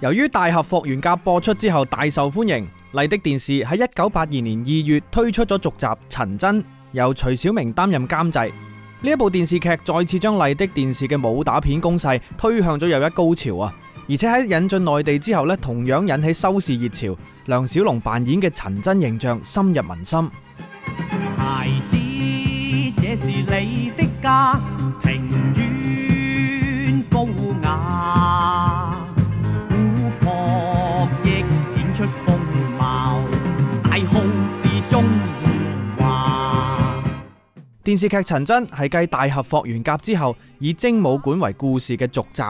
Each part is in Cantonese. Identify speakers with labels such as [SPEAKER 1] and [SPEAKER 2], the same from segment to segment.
[SPEAKER 1] 由於《大俠霍元甲》播出之後大受歡迎，麗的電視喺一九八二年二月推出咗續集《陳真》，由徐小明擔任監製。呢一部電視劇再次將麗的電視嘅武打片攻勢推向咗又一高潮啊！而且喺引進內地之後呢，同樣引起收視熱潮。梁小龍扮演嘅陳真形象深入民心。
[SPEAKER 2] 孩子，這是你的家。
[SPEAKER 1] 電視劇《陳真》係繼《大俠霍元甲》之後以精武館為故事嘅續集。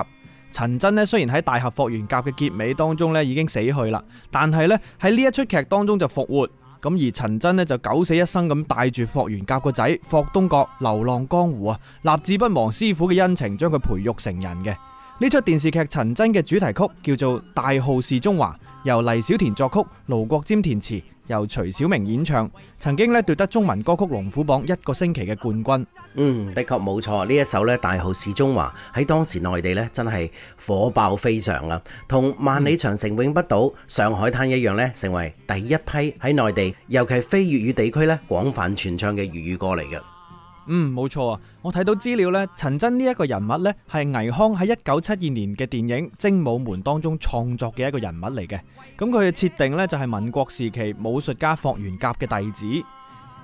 [SPEAKER 1] 陳真咧雖然喺《大俠霍元甲》嘅結尾當中咧已經死去啦，但係咧喺呢一出劇當中就復活。咁而陳真咧就九死一生咁帶住霍元甲個仔霍東閣流浪江湖啊，立志不忘師傅嘅恩情，將佢培育成人嘅。呢出電視劇《陳真》嘅主題曲叫做《大號是中華》，由黎小田作曲，盧國沾填詞。由徐小明演唱，曾經咧奪得中文歌曲龍虎榜一個
[SPEAKER 3] 星期嘅冠軍。嗯。嗯，的確冇錯，呢一首咧《大號是中華》喺當時內地咧真係火爆非常啊，同《萬里長城永不倒》《上海灘》一樣咧，成為第一批喺內地，尤其非粵語地區咧廣泛傳唱嘅粵語歌嚟嘅。
[SPEAKER 1] 嗯，冇錯啊！我睇到資料呢，陳真呢一個人物呢，係倪匡喺一九七二年嘅電影《精武門》當中創作嘅一個人物嚟嘅。咁佢嘅設定呢，就係民國時期武術家霍元甲嘅弟子。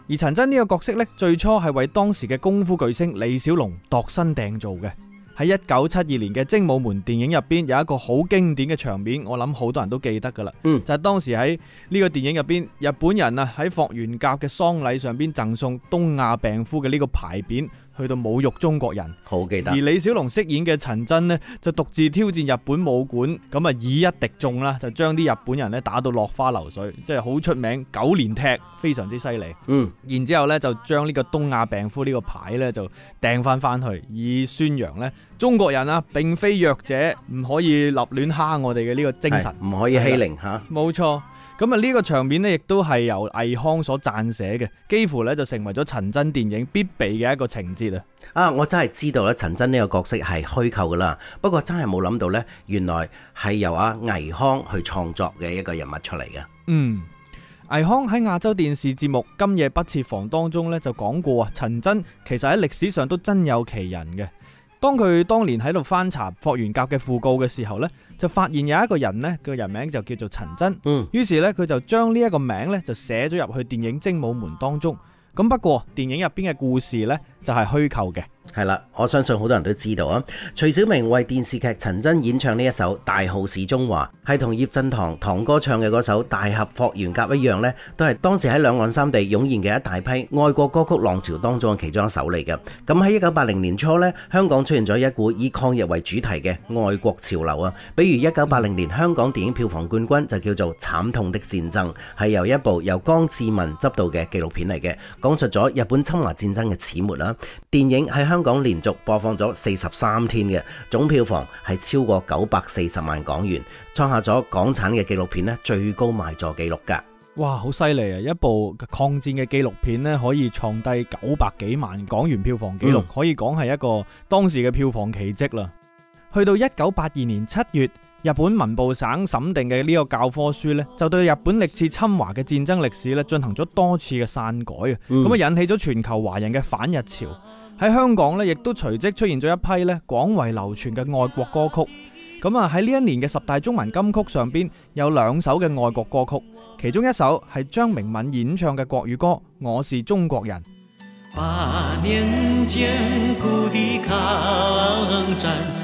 [SPEAKER 1] 而陳真呢個角色呢，最初係為當時嘅功夫巨星李小龍度身訂造嘅。喺一九七二年嘅《精武門》電影入邊，有一個好經典嘅場面，我諗好多人都記得㗎啦。嗯，就係、是、當時喺呢個電影入邊，日本人啊，喺霍元甲嘅喪禮上邊贈送東亞病夫嘅呢個牌匾，去到侮辱中國人，好記得。而李小龍飾演嘅陳真呢，就獨自挑戰日本武館，咁啊以一敵眾啦，就將啲日本人呢打到落花流水，即係好出名九連踢，非常之犀利。嗯，然之後呢，就將呢個東亞病夫呢個牌呢，就掟翻翻去，以宣揚呢中國人啊並非弱者，唔可以立亂蝦我哋嘅呢個精神，唔可以欺凌吓，冇錯。咁啊，呢個場面呢，亦都係由倪匡所撰寫嘅，幾乎呢，就成為咗陳真電
[SPEAKER 3] 影必備嘅一個情節啊！啊，我真係知道啦，陳真呢個角色係虛構噶啦，不過真係冇諗到呢，原來係由阿倪匡去創作嘅一個人物出嚟嘅。
[SPEAKER 1] 嗯，倪匡喺亞洲電視節目《今夜不設防》當中呢，就講過啊，陳真其實喺歷史上都真有其人嘅。當佢當年喺度翻查《霍元甲》嘅訃告嘅時候呢，就發現有一個人呢，佢個人名就叫做陳真。嗯，於是呢，佢就將呢一個名呢，就寫咗入去電影《精武門》當中。咁不過電影入邊
[SPEAKER 3] 嘅故事呢。就係、是、虛構嘅。係啦，我相信好多人都知道啊。徐小明為電視劇《陳真》演唱呢一首《大號是中華》，係同葉振棠、棠哥唱嘅嗰首《大俠霍元甲》一樣呢，都係當時喺兩岸三地湧現嘅一大批愛國歌曲浪潮當中嘅其中一首嚟嘅。咁喺一九八零年初呢，香港出現咗一股以抗日為主題嘅愛國潮流啊。比如一九八零年香港電影票房冠軍就叫做《慘痛的戰爭》，係由一部由江志文執導嘅紀錄片嚟嘅，講述咗日本侵華戰爭嘅始末啦。電影喺香港連續播放咗四十三天嘅，總票房係超過九百四十萬港元，創下咗港產嘅紀錄片呢最高賣座紀錄噶。
[SPEAKER 1] 哇，好犀利啊！一部抗戰嘅紀錄片呢，可以創低九百幾萬港元票房紀錄，可以講係一個當時嘅票房奇蹟啦。去到一九八二年七月。日本文部省審定嘅呢個教科書呢，就對日本歷次侵華嘅戰爭歷史咧進行咗多次嘅篡改嘅，咁、嗯、啊引起咗全球華人嘅反日潮。喺香港呢，亦都隨即出現咗一批呢廣為流傳嘅愛國歌曲。咁啊喺呢一年嘅十大中文金曲上邊有兩首嘅愛國歌曲，其中一首係張明敏演唱嘅國語歌《我是中國人》。
[SPEAKER 2] 八年艱苦的抗戰。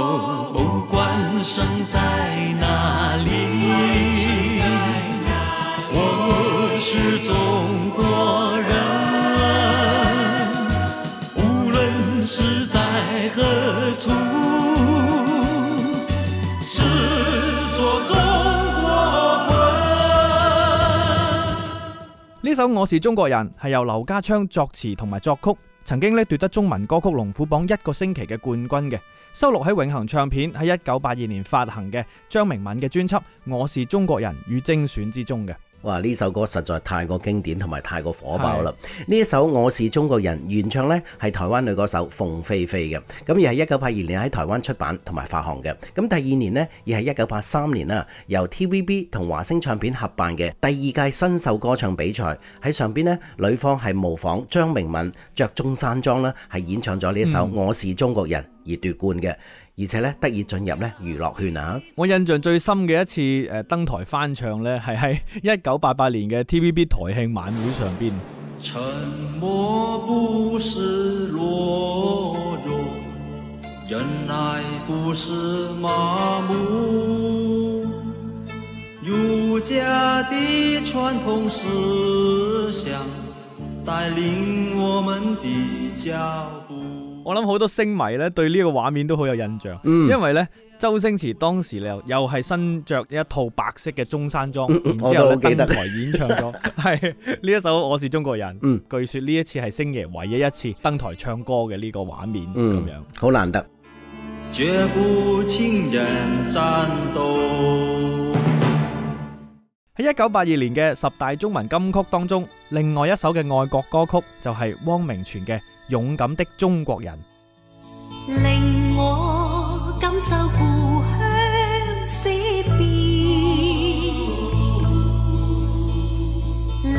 [SPEAKER 2] 我不管生在哪裏，我是中國人，無論是在何處，是做中國魂。
[SPEAKER 1] 呢首《我是中國人》係由劉家昌作詞同埋作曲。曾經咧奪得中文歌曲龍虎榜一個星期嘅冠軍嘅，收錄喺永恆唱片喺一九八二年發行嘅張明敏嘅專輯《我是中國人》與精選之中嘅。
[SPEAKER 3] 哇！呢首歌實在太過經典同埋太過火爆啦！呢一首《我是中國人》原唱呢係台灣女歌手鳳飛飛嘅，咁而係一九八二年喺台灣出版同埋發行嘅。咁第二年呢，而係一九八三年啦，由 TVB 同華星唱片合辦嘅第二屆新秀歌唱比賽喺上邊呢，呂方係模仿張明敏着中山裝啦，係演唱咗呢一首《我是中國人》而奪冠嘅。而且呢，得以進入呢娛樂圈啊！我印象
[SPEAKER 1] 最深嘅一次誒登台翻唱呢，係喺一九八八年嘅 TVB 台慶晚會上邊。沉
[SPEAKER 2] 默不是懦弱，忍耐不是麻木。儒家嘅傳統思
[SPEAKER 1] 想帶領我哋嘅腳步。我諗好多星迷咧對呢個畫面都好有印象，嗯、因為咧周星馳當時又又係身着一套白色嘅中山裝，嗯，然之後登台演唱咗，係呢一首《我是中國人》。嗯、據說呢一次係星爺唯一一次登台唱歌嘅呢個畫面咁，嗯、樣，好難得。人喺一九八二年嘅十大中文金曲當中，另外一首嘅愛國歌曲就係汪明荃嘅。勇敢的中國人，
[SPEAKER 4] 令我感受故鄉色變，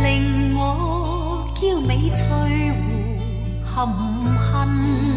[SPEAKER 4] 令我嬌美翠湖含恨。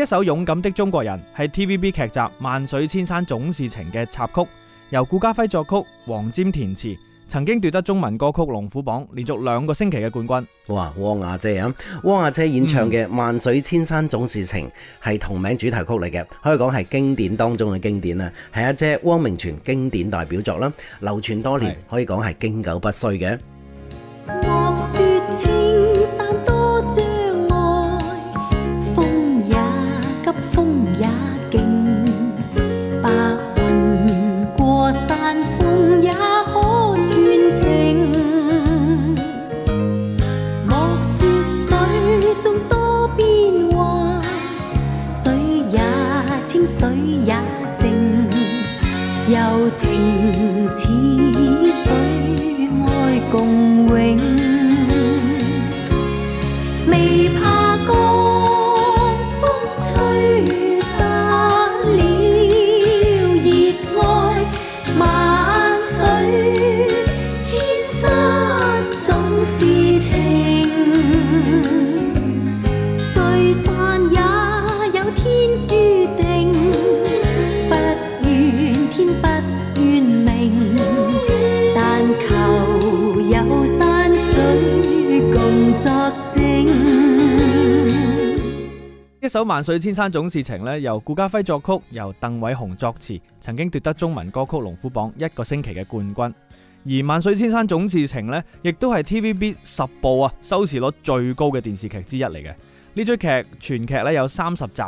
[SPEAKER 1] 一首勇敢的中國人係 TVB 劇集《萬水千山總是情》嘅插曲，由顧嘉輝作曲、黃霑填詞，曾經奪得中文歌曲龍虎榜連續兩個星期嘅冠
[SPEAKER 3] 軍。哇，汪阿姐啊！汪阿姐演唱嘅《萬水千山總是情》係同名主題曲嚟嘅，可以講係經典當中嘅經典啊。係阿姐汪明荃經典代表作啦，流傳多年，可以講係經久不衰嘅。
[SPEAKER 1] 萬水千山總是情咧，由顧嘉輝作曲，由鄧偉雄作詞，曾經奪得中文歌曲龍虎榜一個星期嘅冠軍。而萬水千山總是情咧，亦都係 TVB 十部啊收視率最高嘅電視劇之一嚟嘅。呢追劇全劇咧有三十集，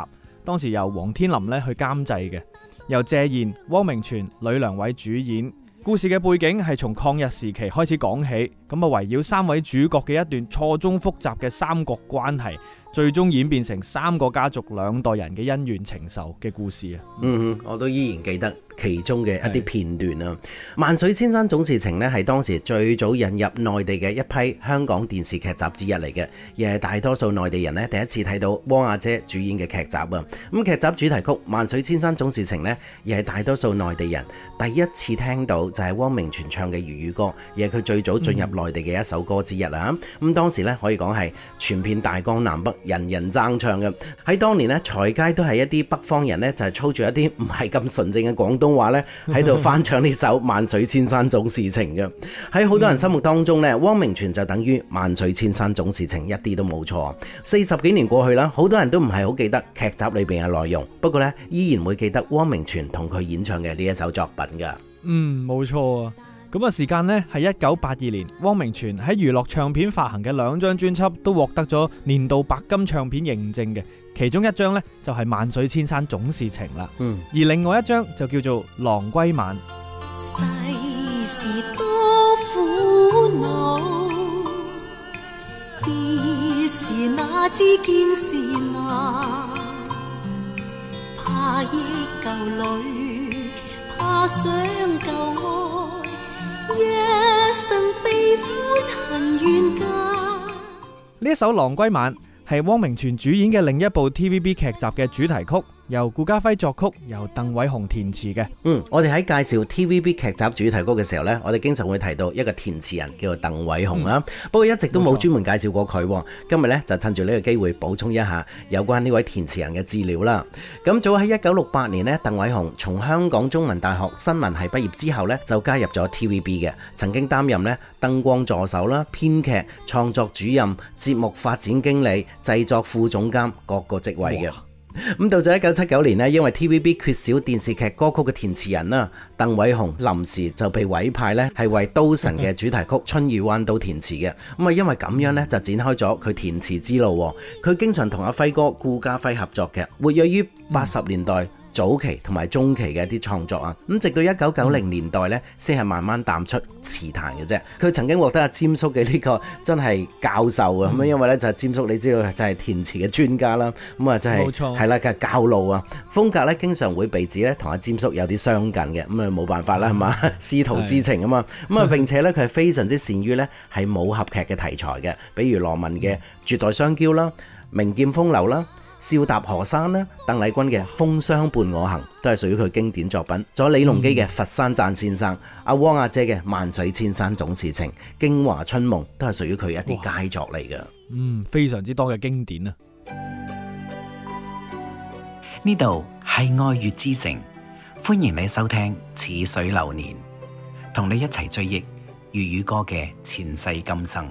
[SPEAKER 1] 當時由王天林咧去監製嘅，由謝賢、汪明荃、呂良偉主演。故事嘅背景係從抗日時期開始講起，咁啊圍繞三位主角嘅一段錯綜複雜嘅三角關係。最終演變成三個家族兩代人
[SPEAKER 3] 嘅恩怨情仇嘅故事啊！嗯嗯，我都依然記得。其中嘅一啲片段啊，《萬水千山總是情》咧係當時最早引入內地嘅一批香港電視劇集之一嚟嘅，亦係大多數內地人咧第一次睇到汪阿姐主演嘅劇集啊。咁劇集主題曲《萬水千山總是情》咧，亦係大多數內地人第一次聽到，就係汪明荃唱嘅粵語歌，而係佢最早進入內地嘅一首歌之一啦。咁當時咧可以講係全片大江南北人人爭唱嘅。喺當年咧，財街都係一啲北方人咧，就係操住一啲唔係咁純正嘅廣東。話咧喺度翻唱呢首《萬水千山總是情》嘅。喺好多人心目當中咧，汪明荃就等於《萬水千山總是情》，一啲都冇錯。四十幾年過去啦，好多人都唔係好記得劇集裏邊嘅內容，不過咧依然會記得汪明荃同佢演唱嘅呢一首作品噶。嗯，
[SPEAKER 1] 冇錯啊。咁啊！時間呢，係一九八二年，汪明荃喺娛樂唱片發行嘅兩張專輯都獲得咗年度白金唱片認證嘅，其中一張呢，就係《萬水千山總是情》啦，嗯，而另外一張就叫做《郎歸晚》。
[SPEAKER 4] 世事多苦惱，別時哪知見時難，怕憶舊侶，怕想舊愛。
[SPEAKER 1] 呢一首《郎歸晚》係汪明荃主演嘅另一部 TVB 劇集嘅主
[SPEAKER 3] 題曲。由顧嘉煇作曲，由鄧偉雄填詞嘅。嗯，我哋喺介紹 TVB 劇集主題曲嘅時候呢，我哋經常會提到一個填詞人叫做鄧偉雄啦，嗯。不過一直都冇專門介紹過佢。今日呢，就趁住呢個機會補充一下有關呢位填詞人嘅資料啦。咁早喺一九六八年呢，鄧偉雄從香港中文大學新聞系畢業之後呢，就加入咗 TVB 嘅，曾經擔任呢燈光助手啦、編劇、創作主任、節目發展經理、製作副總監各個職位嘅。咁到咗一九七九年呢，因為 TVB 缺少電視劇歌曲嘅填詞人啦，鄧偉雄臨時就被委派呢，係為《刀神》嘅主題曲《春雨彎刀》填詞嘅。咁啊，因為咁樣呢，就展開咗佢填詞之路。佢經常同阿輝哥顧嘉煇合作嘅，活躍於八十年代，早期同埋中期嘅一啲創作啊，咁直到一九九零年代呢，先係慢慢淡出詞壇嘅啫。佢曾經獲得阿詹叔嘅呢個真係教授啊，咁啊，因為呢，就係詹叔，你知道就係、是、填詞嘅專家啦。咁、就、啊、是，真係係啦，佢係、就是、教路啊。風格呢，經常會被指呢同阿詹叔有啲相近嘅，咁啊冇辦法啦，係嘛師徒之情啊嘛。咁 啊並且呢，佢係非常之擅於呢，係武俠劇嘅題材嘅，比如《羅文嘅絕代雙驕》啦，《名劍風流》啦。笑踏河山啦，鄧麗君嘅《風霜伴我行》都係屬於佢經典作品；仲有李龍基嘅《佛山贊先生》，嗯，阿汪阿姐嘅《萬水千山總是情》，《京華春夢》都係屬於佢一啲佳作嚟嘅。嗯，非常之多嘅經典啊！呢度係愛粵之城，歡迎你收聽《似水流年》，同你一齊追憶粵語歌嘅前世今生。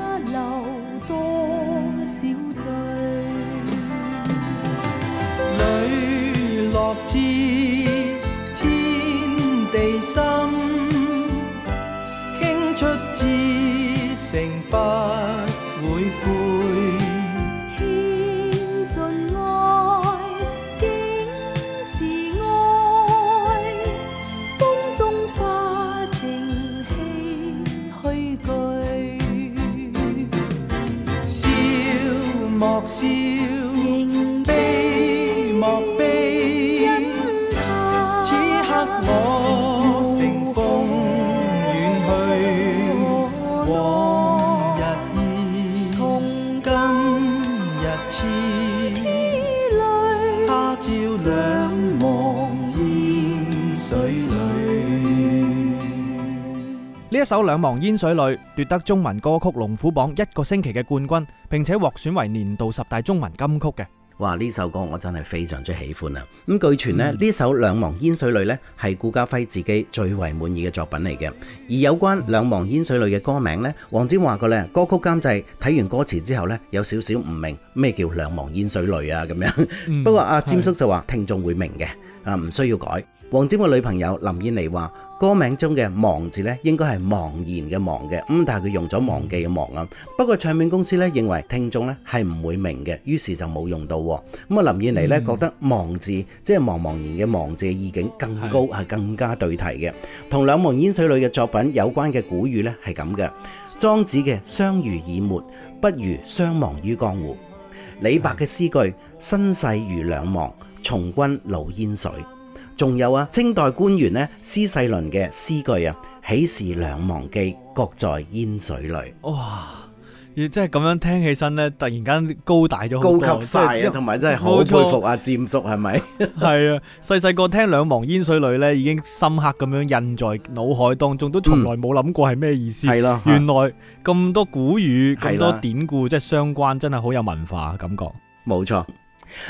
[SPEAKER 1] 首《兩忘煙水裏》奪得中文歌曲龍虎榜一個星期嘅冠軍，並且
[SPEAKER 3] 獲選為年度十大中文金曲嘅。哇！呢首歌我真係非常之喜歡啊！咁據傳咧，呢首《兩忘煙水裏》咧係顧嘉輝自己最為滿意嘅作品嚟嘅。而有關《兩忘煙水裏》嘅歌名咧，黃霑話過咧，歌曲監製睇完歌詞之後咧，有少少唔明咩叫《兩忘煙水裏》啊咁樣。不過阿霑叔就話聽眾會明嘅，啊唔需要改。黃霑嘅女朋友林燕妮話：歌名中嘅忘字咧，應該係茫然嘅茫嘅咁，但係佢用咗忘記嘅忘啊。不過唱片公司咧，認為聽眾咧係唔會明嘅，於是就冇用到。咁啊，林燕妮咧覺得忘字、嗯、即係茫茫然嘅忘字嘅意境更高，係更加對題嘅。同兩忘煙水裏嘅作品有關嘅古語咧係咁嘅，《莊子》嘅相濡以沫不如相忘於江湖，李白嘅詩句身世如兩忘，從君老煙水。仲有啊，清代官員呢，施世綸嘅詩句啊，喜事兩忘機，各在煙水裏。
[SPEAKER 1] 哇！即係咁樣聽起身呢，突然間高大咗，高級晒啊！同埋真係好佩服啊。
[SPEAKER 3] 佔叔，係咪？係
[SPEAKER 1] 啊，細細個聽兩忘煙水裏呢，已經深刻咁樣印在腦海當中，都從來冇諗過係咩意思。係、嗯、咯，原來咁多古語、咁多典故，即係相關，
[SPEAKER 3] 真係好有文化感覺。冇錯。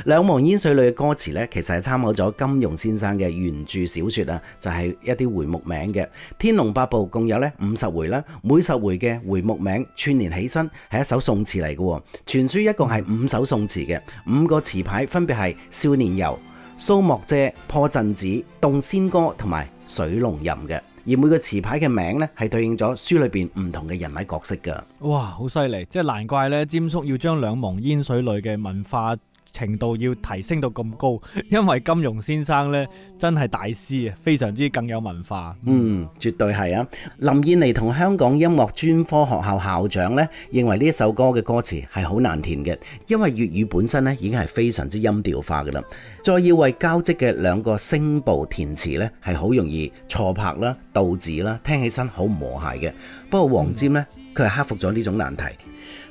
[SPEAKER 3] 兩忘煙水裏嘅歌詞呢，其實係參考咗金庸先生嘅原著小說啊，就係、是、一啲回目名嘅《天龍八部》，共有呢五十回啦，每十回嘅回目名串連起身係一首宋詞嚟嘅，全書一共係五首宋詞嘅五個詞牌，分別係《少年遊》、《蘇幕遮》、《破陣子》、《洞仙歌》同埋《水龍吟》嘅，而每個詞牌嘅名咧係對應咗書裏邊唔同嘅人物角色噶，
[SPEAKER 1] 哇，好犀利，即係難怪呢，霑叔要將兩忘煙水裏嘅文化。程度要提升到咁高，因為金庸先生呢，真係大師啊，非常之更有文化。
[SPEAKER 3] 嗯，絕對係啊！林燕妮同香港音樂專科學校校長呢，認為呢一首歌嘅歌詞係好難填嘅，因為粵語本身呢，已經係非常之音調化嘅啦，再要為交織嘅兩個聲部填詞呢，係好容易錯拍啦、倒字啦，聽起身好唔和諧嘅。不過黃霑呢，佢係克服咗呢種難題。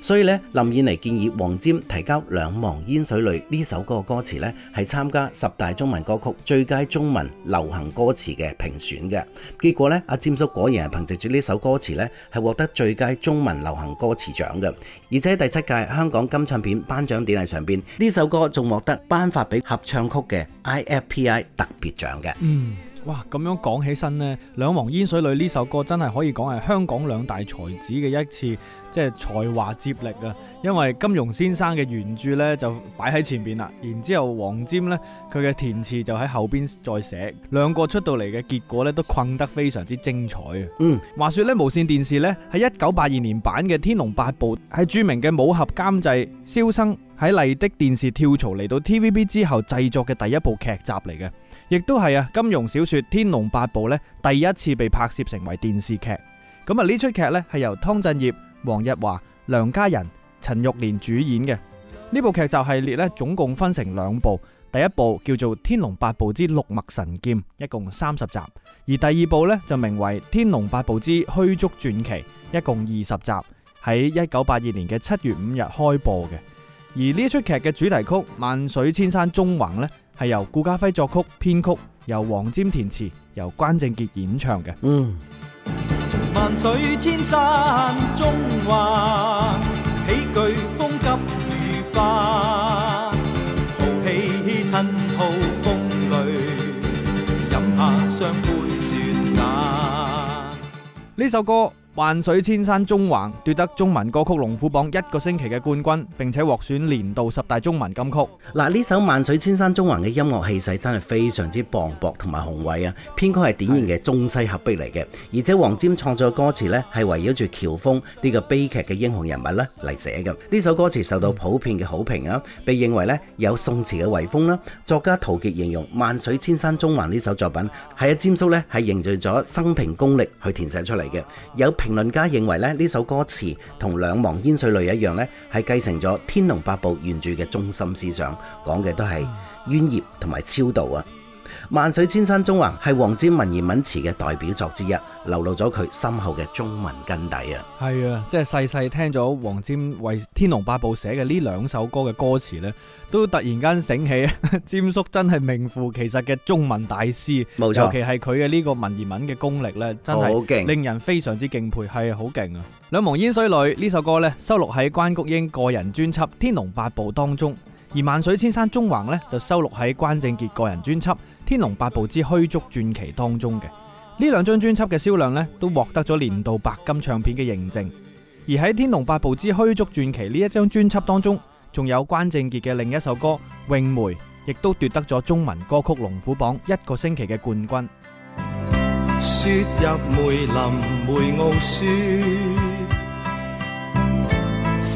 [SPEAKER 3] 所以咧，林燕妮建議黃霑提交《兩忘煙水裏》呢首歌嘅歌詞咧，係參加十大中文歌曲最佳中文流行歌詞嘅評選嘅。結果咧，阿霑叔果然係憑藉住呢首歌詞咧，係獲得最佳中文流行歌詞獎嘅。而且喺第七屆香港金唱片頒獎典禮上邊，呢首歌仲獲得頒發俾合唱曲嘅 IFPI 特別獎嘅。嗯。
[SPEAKER 1] 哇，咁樣講起身呢，《兩忘煙水裏》呢首歌真係可以講係香港兩大才子嘅一次即係才華接力啊！因為金庸先生嘅原著呢就擺喺前邊啦，然之後黃霑呢佢嘅填詞就喺後邊再寫，兩個出到嚟嘅結果呢都困得非常之精彩啊！嗯，話說呢無線電視呢喺一九八二年版嘅《天龍八部》，係著名嘅武俠監製蕭生。喺麗的電視跳槽嚟到 TVB 之後，製作嘅第一部劇集嚟嘅，亦都係啊金庸小說《天龍八部》呢，第一次被拍攝成為電視劇。咁啊，呢出劇呢，係由湯鎮業、黃日華、梁家仁、陳玉蓮主演嘅。呢部劇集系列呢，總共分成兩部，第一部叫做《天龍八部之六脈神劍》，一共三十集；而第二部呢，就名為《天龍八部之虛竹傳奇》，一共二十集。喺一九八二年嘅七月五日開播嘅。而呢一出劇嘅主題曲《萬水千山縱橫》呢，係由顧嘉輝作曲、編曲，由黃霑填詞，由關正傑演唱嘅。嗯。
[SPEAKER 2] 萬水千山縱橫，豈懼風急雨翻，豪氣吞吐風
[SPEAKER 1] 雷，飲下霜杯雪盞。呢首歌。萬水千山縱橫奪得中文歌曲龍虎榜一個星期嘅冠軍，
[SPEAKER 3] 並且獲選年度十大中文金曲。嗱，呢首《萬水千山縱橫》嘅音樂氣勢真係非常之磅礴同埋雄偉啊！編曲係典型嘅中西合璧嚟嘅，而且黃霑創作嘅歌詞呢係圍繞住喬峰呢個悲劇嘅英雄人物呢嚟寫嘅。呢首歌詞受到普遍嘅好評啊，被認為呢有宋詞嘅遺風啦。作家陶傑形容《萬水千山縱橫》呢首作品係阿霑叔呢係凝聚咗生平功力去填寫出嚟嘅，有。評論家認為咧，呢首歌詞同兩忘煙水裏一樣呢係繼承咗《天龍八部》原著嘅中心思想，講嘅都係冤孽同埋超度啊。萬水千山縱橫係黃霑文言文詞嘅代表作之一，流露咗佢深厚嘅中文根底啊！
[SPEAKER 1] 係啊，即係細細聽咗黃霑為《天龍八部》寫嘅呢兩首歌嘅歌詞呢都突然間醒起呵呵，霑叔真係名副其實嘅中文大師。冇錯，尤其係佢嘅呢個文言文嘅功力呢真係令人非常之敬佩，係好勁啊！兩忘煙水裡呢首歌呢收錄喺關菊英個人專輯《天龍八部》當中。而萬水千山縱橫咧，就收錄喺關正傑個人專輯《天龍八部之虛竹傳奇》當中嘅。呢兩張專輯嘅銷量咧，都獲得咗年度白金唱片嘅認證。而喺《天龍八部之虛竹傳奇》呢一張專輯當中，仲有關正傑嘅另一首歌《詠梅》，亦都奪得咗中文歌曲龍虎榜一個星期嘅冠軍。雪入梅林梅傲雪。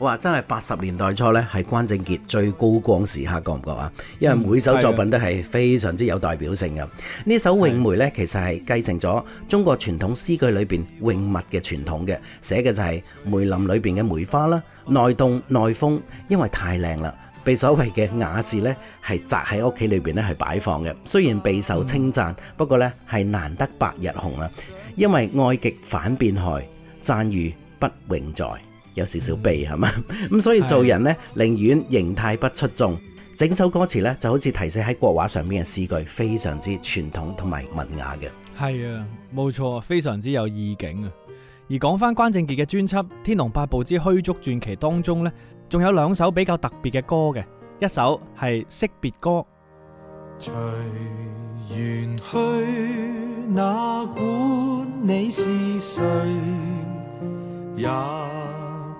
[SPEAKER 3] 哇！真係八十年代初呢係關正傑最高光時刻，覺唔覺啊？因為每首作品都係非常之有代表性嘅。呢首詠梅呢，其實係繼承咗中國傳統詩句裏邊詠物嘅傳統嘅，寫嘅就係梅林裏邊嘅梅花啦。內凍內風，因為太靚啦，被所謂嘅雅士呢係摘喺屋企裏邊呢係擺放嘅。雖然備受稱讚，不過呢係難得百日紅啊，因為愛極反變害，讚譽不永在。有少少悲係嘛。咁，所以做人呢，寧願形態不出眾。整首歌詞呢，就好似題寫喺國畫上面嘅詩句，非常之傳統同埋文雅嘅。
[SPEAKER 1] 係啊，冇錯，非常之有意境啊！而講翻關正傑嘅專輯《天龍八部之虛竹傳奇》當中呢，仲有兩首比較特別嘅歌嘅，一首係惜別歌。隨緣去，
[SPEAKER 2] 哪管你是誰，也。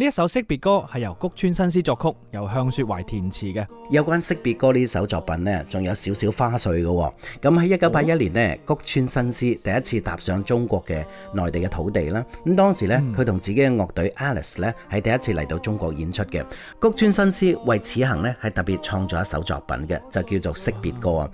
[SPEAKER 1] 呢一首《惜別歌》係由谷村新司作曲，由向雪懷填詞嘅。
[SPEAKER 3] 有關《惜別歌》呢首作品呢，仲有少少花絮嘅。咁喺一九八一年呢，谷村新司第一次踏上中國嘅內地嘅土地啦。咁當時呢，佢同自己嘅樂隊 Alice 呢係第一次嚟到中國演出嘅、嗯。谷村新司為此行呢係特別創作一首作品嘅，就叫做《惜別歌》啊。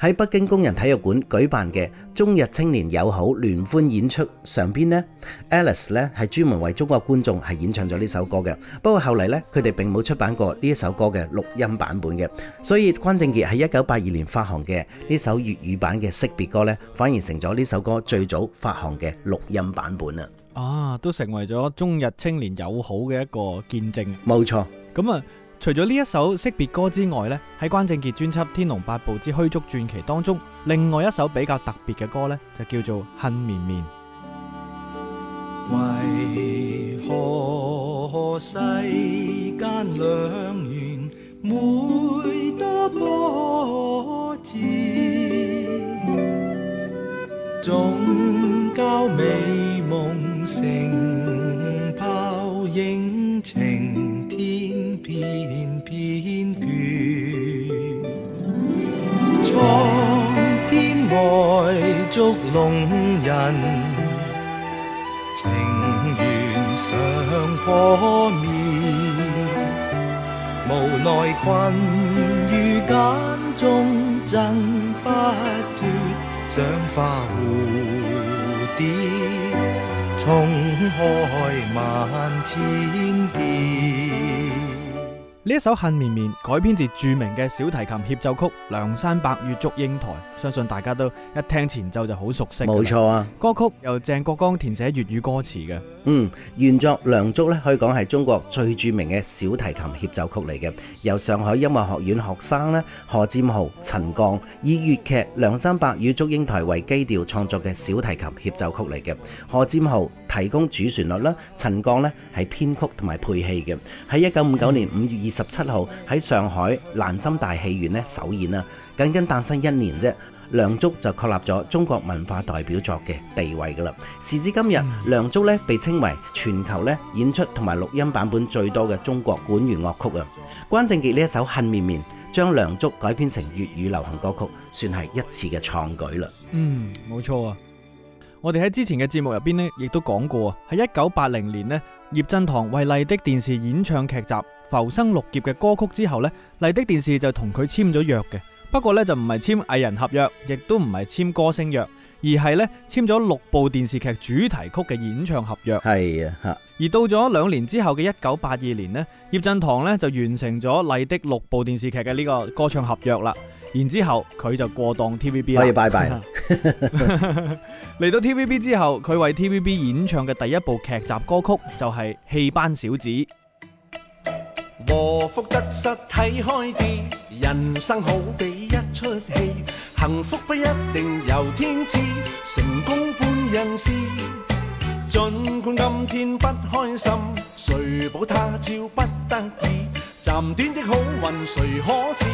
[SPEAKER 3] 喺北京工人體育館舉辦嘅中日青年友好聯歡演出上邊呢，Alice 呢係專門為中國觀眾係演唱咗呢首歌嘅。不過後嚟呢，佢哋並冇出版過呢一首歌嘅錄音版本嘅。所以關正傑喺一九八二年發行嘅呢首粵語版嘅惜別歌呢，反而成咗呢首歌最早發行嘅錄音版本啊。
[SPEAKER 1] 啊，都成為咗中日青年友好嘅一個見證。
[SPEAKER 3] 冇錯，
[SPEAKER 1] 咁啊。除咗呢一首惜別歌之外咧，喺關正傑專輯《天龍八部之虛竹傳奇》當中，另外一首比較特別嘅歌咧，就叫做《恨綿綿》。
[SPEAKER 2] 為何世間良緣每多波折，總教美夢成泡影？蒼天愛，捉弄人，情願，想破滅，無奈困於繭中掙不脫，想化蝴蝶，重
[SPEAKER 1] 開萬千劫。呢一首《恨綿綿》改編自著名嘅小提琴協奏曲《梁山伯與祝英台》，相信大家都一聽前奏就好熟悉。冇錯啊！歌曲由鄭國江填寫粵語歌詞嘅。
[SPEAKER 3] 嗯，原作《梁祝》咧可以講係中國最著名嘅小提琴協奏曲嚟嘅，由上海音樂學院學生咧何占豪、陳鋼以粵劇《梁山伯與祝英台》為基調創作嘅小提琴協奏曲嚟嘅。何占豪提供主旋律啦，陳鋼咧係編曲同埋配器嘅。喺一九五九年五月二十十七號喺上海蘭心大戲院咧首演啊，僅僅誕生一年啫，《梁祝》就確立咗中國文化代表作嘅地位噶啦。時至今日，嗯，《梁祝》呢被稱為全球咧演出同埋錄音版本最多嘅中國管弦樂曲啊。關正傑呢一首《恨綿綿》將《梁祝》改編成粵語流行歌曲，算係一次嘅創舉啦。嗯，
[SPEAKER 1] 冇錯啊。我哋喺之前嘅節目入邊呢，亦都講過啊，喺一九八零年呢，葉振棠為麗的電視演唱劇集《浮生六劫》嘅歌曲之後呢，麗的電視就同佢簽咗約嘅。不過呢，就唔係簽藝人合約，亦都唔係簽歌星約，而係呢簽咗六部電視劇主題曲嘅演唱合
[SPEAKER 3] 約。係啊，吓。
[SPEAKER 1] 而到咗兩年之後嘅一九八二年呢，葉振棠呢就完成咗麗的六部電視劇嘅呢個歌唱合約啦。然之後佢就過檔 T V B，可以拜拜。嚟 到 T V B 之後，佢為 T V B 演唱嘅第一部劇集歌曲就係、是《戲班小子》。《和福得失睇開啲》，人生好比一出戲，幸福
[SPEAKER 2] 不一定由天賜，成功半人事。盡管今天不開心，誰保他朝不得意？暫短的好運誰可恃？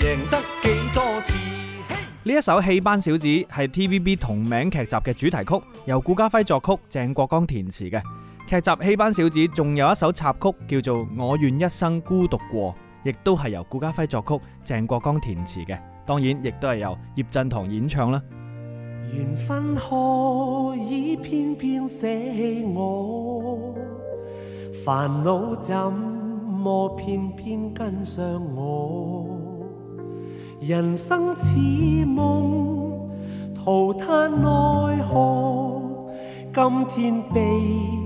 [SPEAKER 2] 贏得幾多次？
[SPEAKER 1] 呢、hey! 一首《戲班小子》係 TVB 同名劇集嘅主題曲，由顧嘉輝作曲，鄭國江填詞嘅。劇集《戲班小子》仲有一首插曲叫做《我願一生孤獨過》，亦都係由顧嘉煇作曲、鄭國江填詞嘅，當然亦都係由葉振棠演唱啦。
[SPEAKER 2] 緣分何以偏偏捨棄我？煩惱怎麼偏偏跟上我？人生似夢，徒嘆奈何，今天悲。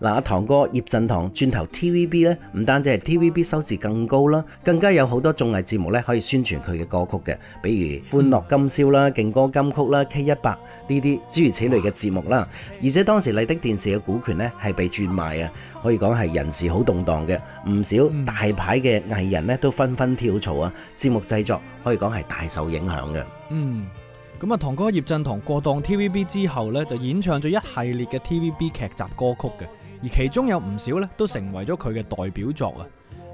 [SPEAKER 3] 嗱，阿唐哥葉振棠轉投 T V B 咧，唔單止係 T V B 收視更高啦，更加有好多綜藝節目咧可以宣傳佢嘅歌曲嘅，比如歡樂今宵啦、勁歌金曲啦、K 一百呢啲諸如此類嘅節目啦。而且當時麗的電視嘅股權咧係被轉賣啊，可以講係人事好動盪嘅，唔少大牌嘅藝人咧都紛紛跳槽啊，節目製作可以講係大受影響嘅。嗯，
[SPEAKER 1] 咁啊，唐哥葉振棠過檔 T V B 之後咧，就演唱咗一系列嘅 T V B 劇集歌曲嘅。而其中有唔少咧都成為咗佢嘅代表作啊！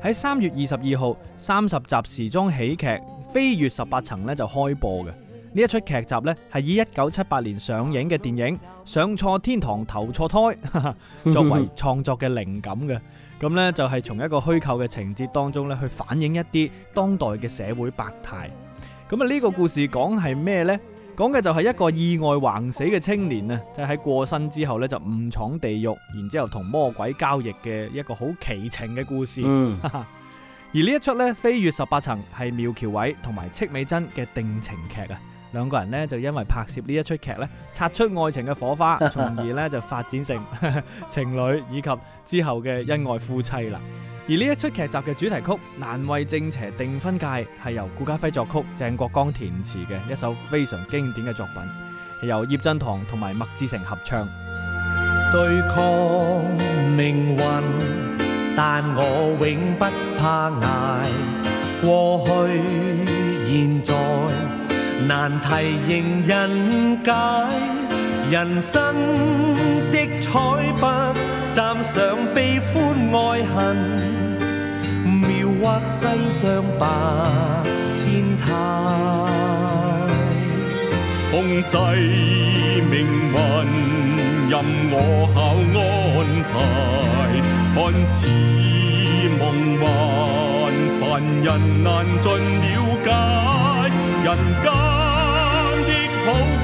[SPEAKER 1] 喺三月二十二號，三十集時裝喜劇《飛越十八層》咧就開播嘅。呢一出劇集咧係以一九七八年上映嘅電影《上錯天堂投錯胎》哈哈作為創作嘅靈感嘅。咁咧就係、是、從一個虛構嘅情節當中咧去反映一啲當代嘅社會百態。咁啊呢個故事講係咩呢？講嘅就係一個意外橫死嘅青年啊，就喺、係、過身之後咧就誤闖地獄，然之後同魔鬼交易嘅一個好奇情嘅故事。嗯、而呢一出咧《飛越十八層》係苗僑偉同埋戚美珍嘅定情劇啊，兩個人呢，就因為拍攝呢一出劇咧擦出愛情嘅火花，從而呢就發展成 情侶以及之後嘅恩愛夫妻啦。而呢一出劇集嘅主題曲《難為正邪定分界》係由顧嘉煇作曲、鄭國江填詞嘅一首非常經典嘅作品，係由葉振棠同埋麥志誠合唱。對抗命運，但我永不怕
[SPEAKER 2] 捱。過去現在，難題迎人解。人生的彩筆，蘸上悲歡愛恨，描畫世上百千態。控制命運，任我巧安排，看似夢幻，凡人難盡了解。人間的好。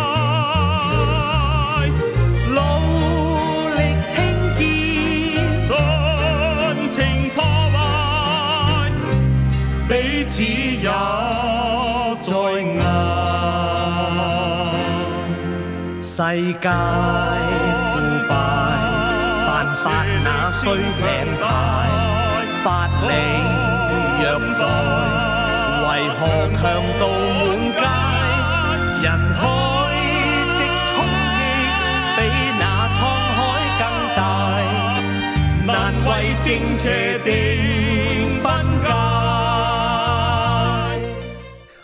[SPEAKER 2] 世界腐敗，犯法哪需領牌？法理若在，為何強盜滿街？人海的衝擊比那滄海更大，難為正邪定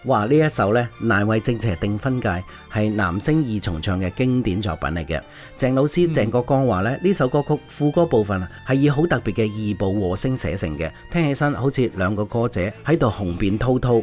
[SPEAKER 3] 話呢一首呢，難為正邪定分界係男聲二重唱嘅經典作品嚟嘅，鄭老師鄭國江話呢，呢首歌曲副歌部分係以好特別嘅二部和聲寫成嘅，聽起身好似兩個歌者喺度雄辯滔滔。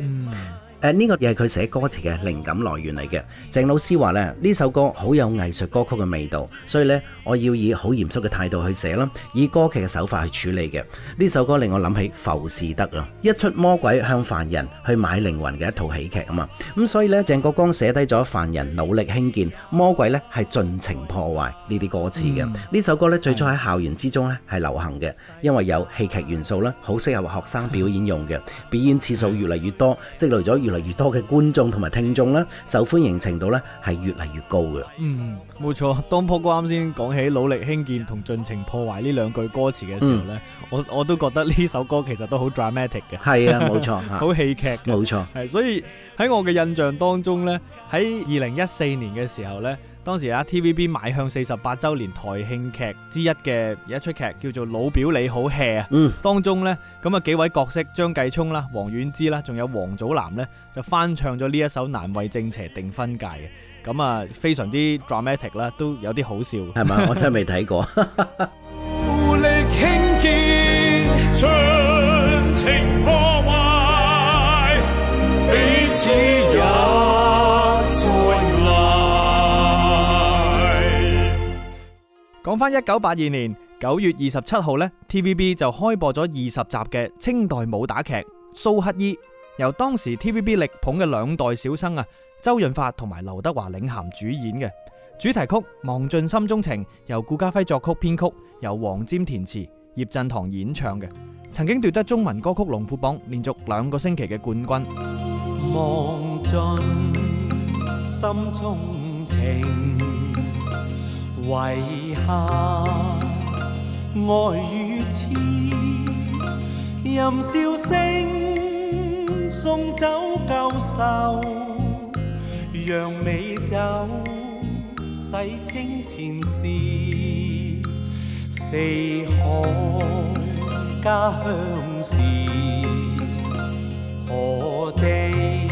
[SPEAKER 3] 誒呢個亦係佢寫歌詞嘅靈感來源嚟嘅。鄭老師話呢，呢首歌好有藝術歌曲嘅味道，所以呢，我要以好嚴肅嘅態度去寫啦，以歌劇嘅手法去處理嘅。呢首歌令我諗起浮士德啦，一出魔鬼向凡人去買靈魂嘅一套喜劇啊嘛。咁所以呢，鄭國江寫低咗凡人努力興建，魔鬼呢係盡情破壞呢啲歌詞嘅。呢首歌呢，最初喺校園之中呢係流行嘅，因為有戲劇元素啦，好適合學生表演用嘅。表演次數越嚟越多，積累咗越越嚟越多嘅觀眾同埋聽眾呢受歡迎程度呢係越嚟越高嘅。嗯，
[SPEAKER 1] 冇錯。當 Paul 哥啱先講起努力興建同盡情破壞呢兩句歌詞嘅時候呢、嗯、我我都覺得呢首歌其實都好 dramatic 嘅。係啊，冇錯好戲劇。冇 錯。係，所以喺我嘅印象當中呢喺二零一四年嘅時候呢。當時啊，TVB 邁向四十八週年台慶劇之一嘅一出劇叫做《老表你好 hea》啊、嗯，當中呢，咁啊幾位角色張繼聰啦、黃遠之啦，仲有王祖藍呢，就翻唱咗呢一首《難為正邪定分界》嘅，咁啊非常之 dramatic 啦，都有啲好笑，係咪？我真係未
[SPEAKER 2] 睇過。
[SPEAKER 1] 講翻一九八二年九月二十七號呢 TVB 就開播咗二十集嘅清代武打劇《蘇乞兒》，由當時 TVB 力捧嘅兩代小生啊，周潤發同埋劉德華領銜主演嘅。主題曲《忘盡心中情》由顧嘉輝作曲編曲，由黃霑填詞，葉振棠演唱嘅，曾經奪得中文歌曲龍虎榜連續兩個星期嘅冠軍。忘
[SPEAKER 2] 盡心中情。遺下愛與痴，任笑聲送走舊愁，讓美酒洗清前事。四海家鄉是，何地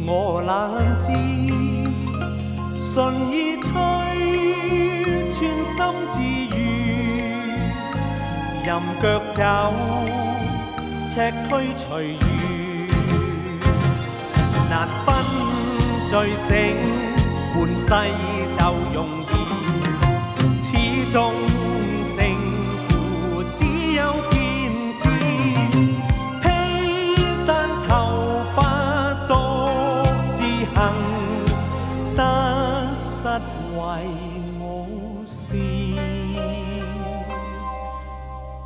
[SPEAKER 2] 我懶知。順意吹，寸心自如，任腳走，尺軀隨緣，難分醉醒，半世就容易，始終成。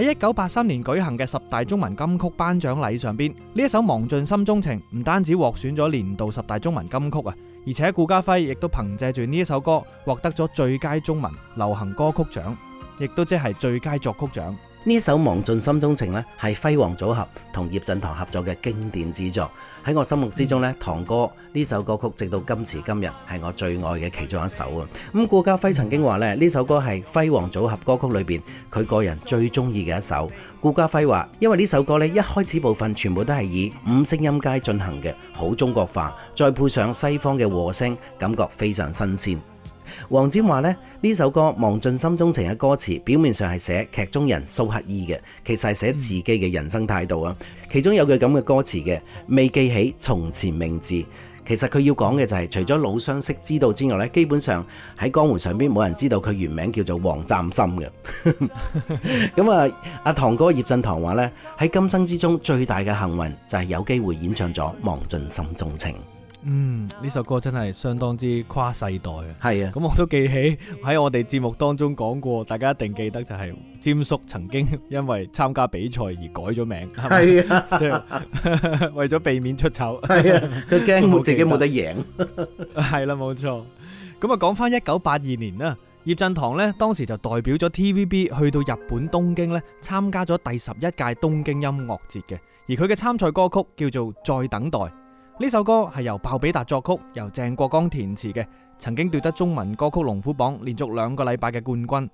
[SPEAKER 1] 喺一九八三年舉行嘅十大中文金曲頒獎禮上邊，呢一首《忘盡心中情》唔單止獲選咗年度十大中文金曲啊，而且顧嘉煇亦都憑借住呢一首歌，獲得咗最佳中文
[SPEAKER 3] 流行歌曲獎，亦都即係最佳作曲獎。呢首忘盡心中情呢，係輝黃組合同葉振棠合作嘅經典之作。喺我心目之中呢，棠哥呢首歌曲直到今時今日係我最愛嘅其中一首啊！咁顧嘉輝曾經話呢，呢首歌係輝黃組合歌曲裏邊佢個人最中意嘅一首。顧嘉輝話，因為呢首歌呢，一開始部分全部都係以五聲音階進行嘅，好中國化，再配上西方嘅和聲，感覺非常新鮮。黃霑話呢，呢首歌《忘盡心中情》嘅歌詞，表面上係寫劇中人蘇乞兒嘅，其實係寫自己嘅人生態度啊。其中有句咁嘅歌詞嘅，未記起從前名字。其實佢要講嘅就係，除咗老相識知道之外呢，基本上喺江湖上邊冇人知道佢原名叫做黃湛森嘅。咁 啊，阿棠哥葉振棠話呢，喺今生之中最大嘅幸運就係有機會演唱咗《忘盡心中情》。
[SPEAKER 1] 嗯，呢首歌真係相當之跨世代係啊！係啊，咁我都記起喺我哋節目當中講過，大家一定記得就係詹叔曾經因為參加比賽而改咗名，係啊，是 是啊 為咗避免出醜，係啊，佢驚我自己冇得贏，係啦，冇錯。咁啊，講翻一九八二年啦，葉振棠呢當時就代表咗 TVB 去到日本東京呢參加咗第十一屆東京音樂節嘅，而佢嘅參賽歌曲叫做《再等待》。呢首歌係由鮑比達作曲，由鄭國江填詞嘅，曾經奪得中文歌曲龍虎榜連續兩個禮拜嘅冠軍。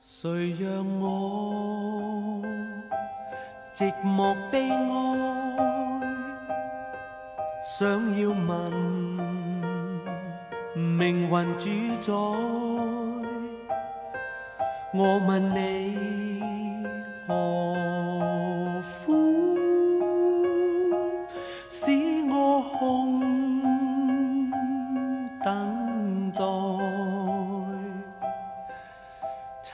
[SPEAKER 2] 誰讓我寂寞悲哀？想要問命運主宰，我問你何？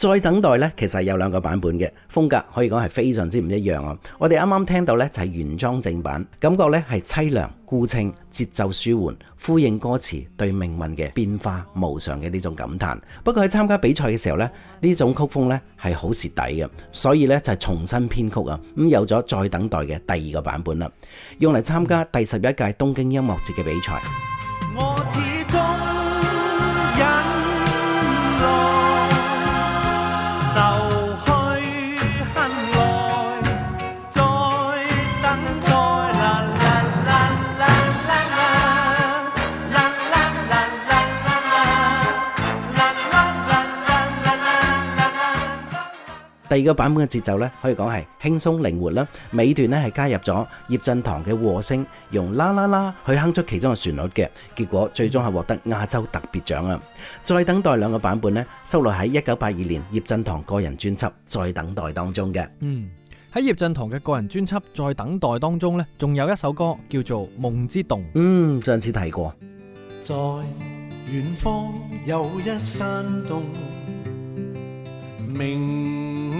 [SPEAKER 3] 再等待呢，其實有兩個版本嘅風格，可以講係非常之唔一樣啊！我哋啱啱聽到呢，就係原裝正版，感覺呢係凄涼、孤清、節奏舒緩，呼應歌詞對命運嘅變化無常嘅呢種感嘆。不過喺參加比賽嘅時候呢，呢種曲風呢係好蝕底嘅，所以呢，就係重新編曲啊，咁有咗再等待嘅第二個版本啦，用嚟參加第十一屆東京音樂節嘅比賽。第二個版本嘅節奏咧，可以講係輕鬆靈活啦。尾段咧係加入咗葉振棠嘅和聲，用啦啦啦去哼出其中嘅旋律嘅，結果最終係獲得亞洲特別獎啊！再等待兩個版本咧，收錄喺一九八二年葉振棠個人專輯《再等待》當中嘅。嗯，
[SPEAKER 1] 喺葉振棠嘅個人專輯《再等待》當中咧，仲有一首歌叫做《夢之洞》。嗯，上次提過。
[SPEAKER 2] 在遠方有一山洞，明。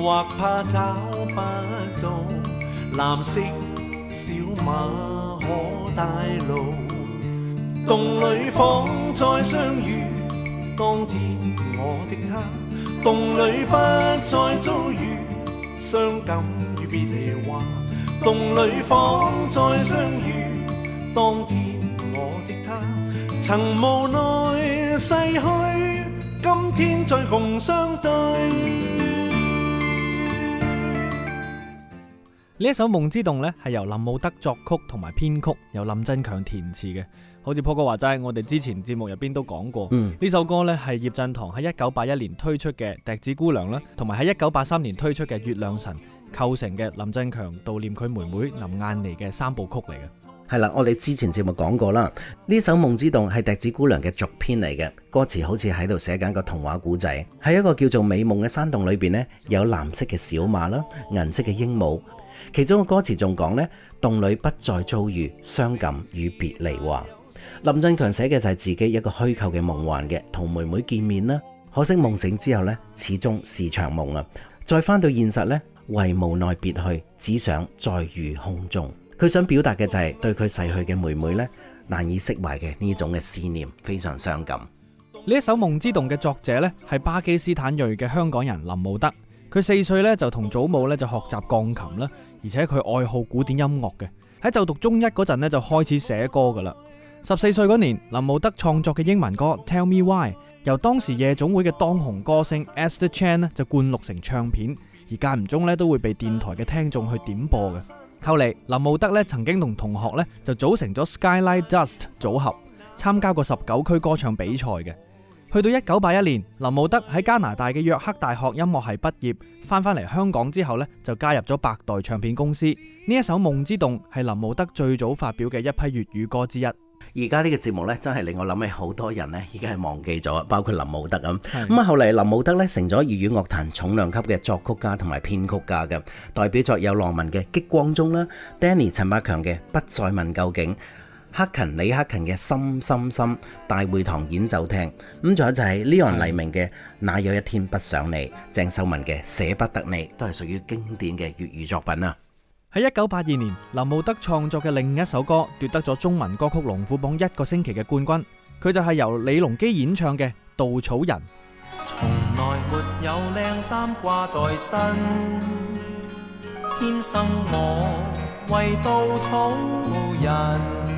[SPEAKER 2] 或怕找不到藍色小馬可帶路，洞裏仿再相遇，當天我的她，洞裏不再遭遇傷感與別離話，洞裏仿再相遇，當天我的她，曾
[SPEAKER 1] 無奈逝去，今天再共相對。呢一首《夢之洞》咧，係由林慕德作曲同埋編曲，由林振強填詞嘅。好似 Paul 哥話齋，我哋之前節目入邊都講過，呢、嗯、首歌咧係葉振棠喺一九八一年推出嘅《笛子姑娘》啦，同埋喺一九八三年推出嘅《月亮神》構成嘅林振強悼念佢妹妹林雁妮嘅三部曲嚟嘅。
[SPEAKER 3] 係啦，我哋之前節目講過啦，呢首《夢之洞》係《笛子姑娘》嘅續篇嚟嘅，歌詞好似喺度寫緊個童話故仔，喺一個叫做美夢嘅山洞裏邊呢，有藍色嘅小馬啦，銀色嘅鸚鵡。其中嘅歌詞仲講呢，洞裏不再遭遇傷感與別離。林振強寫嘅就係自己一個虛構嘅夢幻嘅，同妹妹見面啦。可惜夢醒之後呢，始終是場夢啊！再翻到現實呢，為無奈別去，只想再遇空中。佢想表達嘅就係對佢逝去嘅妹妹呢，難以釋懷嘅呢種嘅思念，非常傷感。
[SPEAKER 1] 呢一首《夢之洞》嘅作者呢，係巴基斯坦裔嘅香港人林慕德。佢四歲呢，就同祖母呢，就學習鋼琴啦。而且佢愛好古典音樂嘅，喺就讀中一嗰陣呢，就開始寫歌噶啦。十四歲嗰年，林慕德創作嘅英文歌《Tell Me Why》，由當時夜總會嘅當紅歌星 Esther Chan 咧就灌錄成唱片，而間唔中咧都會被電台嘅聽眾去點播嘅。後嚟林慕德咧曾經同同學咧就組成咗 Skyline Dust 組合，參加過十九區歌唱比賽嘅。去到一九八一年，林慕德喺加拿大嘅約克大學音樂系畢業，翻返嚟香港之後呢，就加入咗百代唱片公司。呢一首《夢之
[SPEAKER 3] 洞》係林慕德最早發表嘅一批粵語歌之一。而家呢個節目呢，真係令我諗起好多人呢，已經係忘記咗，包括林慕德咁。咁啊，後嚟林慕德呢，成咗粵語樂壇重量級嘅作曲家同埋編曲家嘅，代表作有浪漫嘅《激光中》啦 ，Danny 陳百強嘅《不再問究竟》。克勤李克勤嘅深深深、大會堂演奏廳，咁仲有就係呢樣黎明嘅哪有一天不想你，鄭秀文嘅捨不得你都係屬於經典嘅粵語作品啊！喺一九八二年，
[SPEAKER 1] 林慕德創作嘅另一首歌奪得咗中文歌曲龍虎榜一個星期嘅冠軍，佢就係由李龍基演唱嘅《稻草人》。
[SPEAKER 2] 從來沒有靚衫掛在身，天生我為稻草無人。